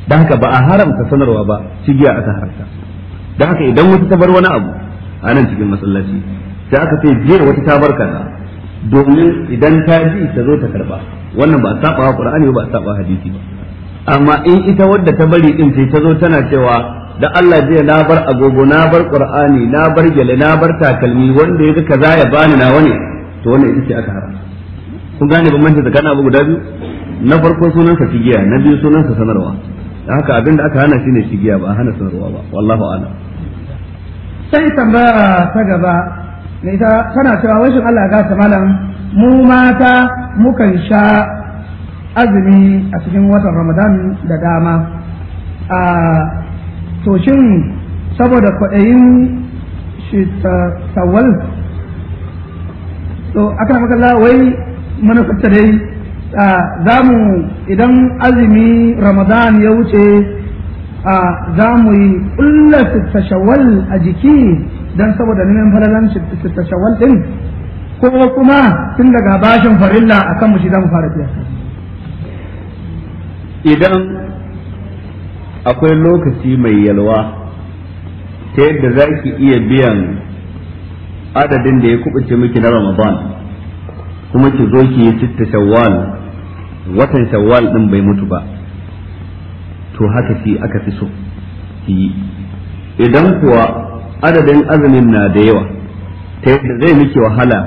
dan haka ba a haramta sanarwa ba cigiya aka haramta dan haka idan wata ta bar wani abu a nan cikin masallaci sai aka ce biyar wata ta bar kaza domin idan ta ji ta zo ta karba wannan ba a saba wa qur'ani ba a saba hadisi ba amma in ita wadda ta bari din sai ta zo tana cewa da Allah jiya na bar agogo na bar qur'ani na bar gele na bar takalmi wanda yaga kaza ya bani na wani to wannan ita ce aka haramta kun gane bambanci tsakanin abu guda biyu na farko sunan sa cigiya na biyu sunan sa sanarwa da haka abin da aka hana shi ne cigiya ba hana sanarwa ba wallahu a'lam
sai tambaya ta gaba ne ta tana cewa wai shin Allah ya gasa malam mu mata mukan sha azumi a cikin watan Ramadan da dama a ah, to shin saboda kwaɗayin shi sawal to aka makalla wai manufarta dai za mu idan azumi ramadan ya wuce za mu yi ƙulla tashawal a jiki don saboda neman falalan tashawal ɗin ko kuma tun daga bashin farilla a kan mu shi za mu fara biya
idan akwai lokaci mai yalwa ta yadda za ki iya biyan adadin da ya kubuce miki na ramadan kuma ki zo ki yi citta shawwal watan shawwal din bai mutu ba to haka shi aka fi so ki yi idan kuwa adadin azumin na da yawa ta yadda zai miki wahala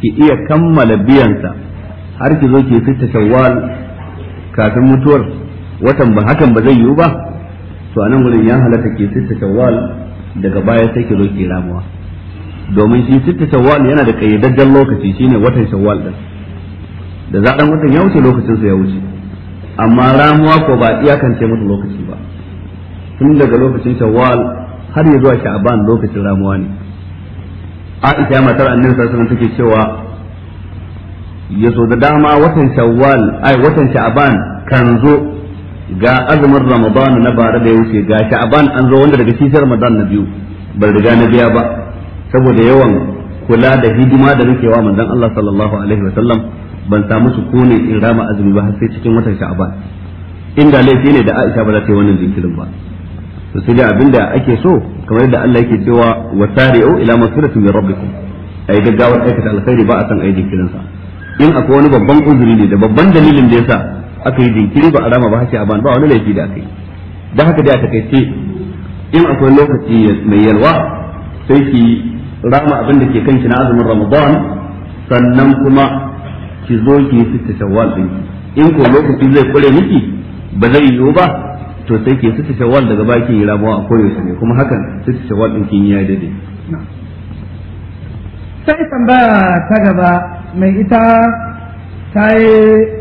ki iya kammala biyansa har ki zo ki yi citta shawwal kafin mutuwar watan ba hakan ba zai yiwu ba to anan gurin ya halatta ke sitta shawwal daga baya sai ke roke ramuwa domin shi sitta shawwal yana da kayyadaddan lokaci shine watan shawwal din da dan watan ya wuce lokacin sa ya wuce amma ramuwa ko ba ce mutu lokaci ba tun daga lokacin shawwal har ya zuwa sha'ban lokacin ramuwa ne Aisha matar annabi sallallahu alaihi take cewa ya so da dama watan tawwal ai watan sha'ban kan zo ga azumin ramadan na bara da ya wuce ga sha'aban an zo wanda daga cikin ramadan na biyu ba riga na biya ba saboda yawan kula da hidima da nake wa manzon Allah sallallahu alaihi wa sallam ban samu sukuni in rama azumi ba har sai cikin watan shaban inda laifi ne da Aisha ba za ta yi wannan jinkirin ba to sai da da ake so kamar yadda Allah yake cewa wasari'u ila masiratin min rabbikum ai gaggawar aikata alkhairi ba a san ai jinkirin sa in akwai wani babban uzuri ne da babban dalilin da yasa aka yi jinkiri ba a rama ba haka a ban ba wani laifi da aka yi da haka dai a takaice in akwai lokaci mai yalwa sai ki rama abin da ke kanki na azumin ramadan sannan kuma ki zo ki yi sitta shawwal din in ko lokaci zai kure miki ba zai yiwu ba to sai ki sitta shawwal daga baki yi ramuwa a koyaushe ne kuma hakan sitta shawwal din kin yi daidai
sai tambaya ta gaba mai ita ta yi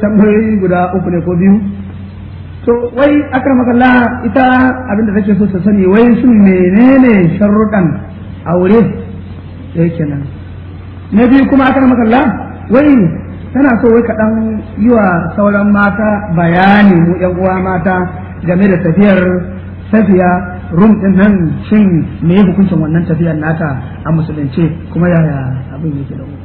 tambayoyi guda uku ne ko biyu to wai makalla ita abinda take so ta sani wai sun menene sharruɗan aure da yake nan na biyu kuma makalla wai tana so wai kaɗan yi wa sauran mata bayani mu ƴan uwa mata game da tafiyar tafiya rum din nan shin me hukuncin wannan tafiyar nata a musulunce kuma yaya abin yake da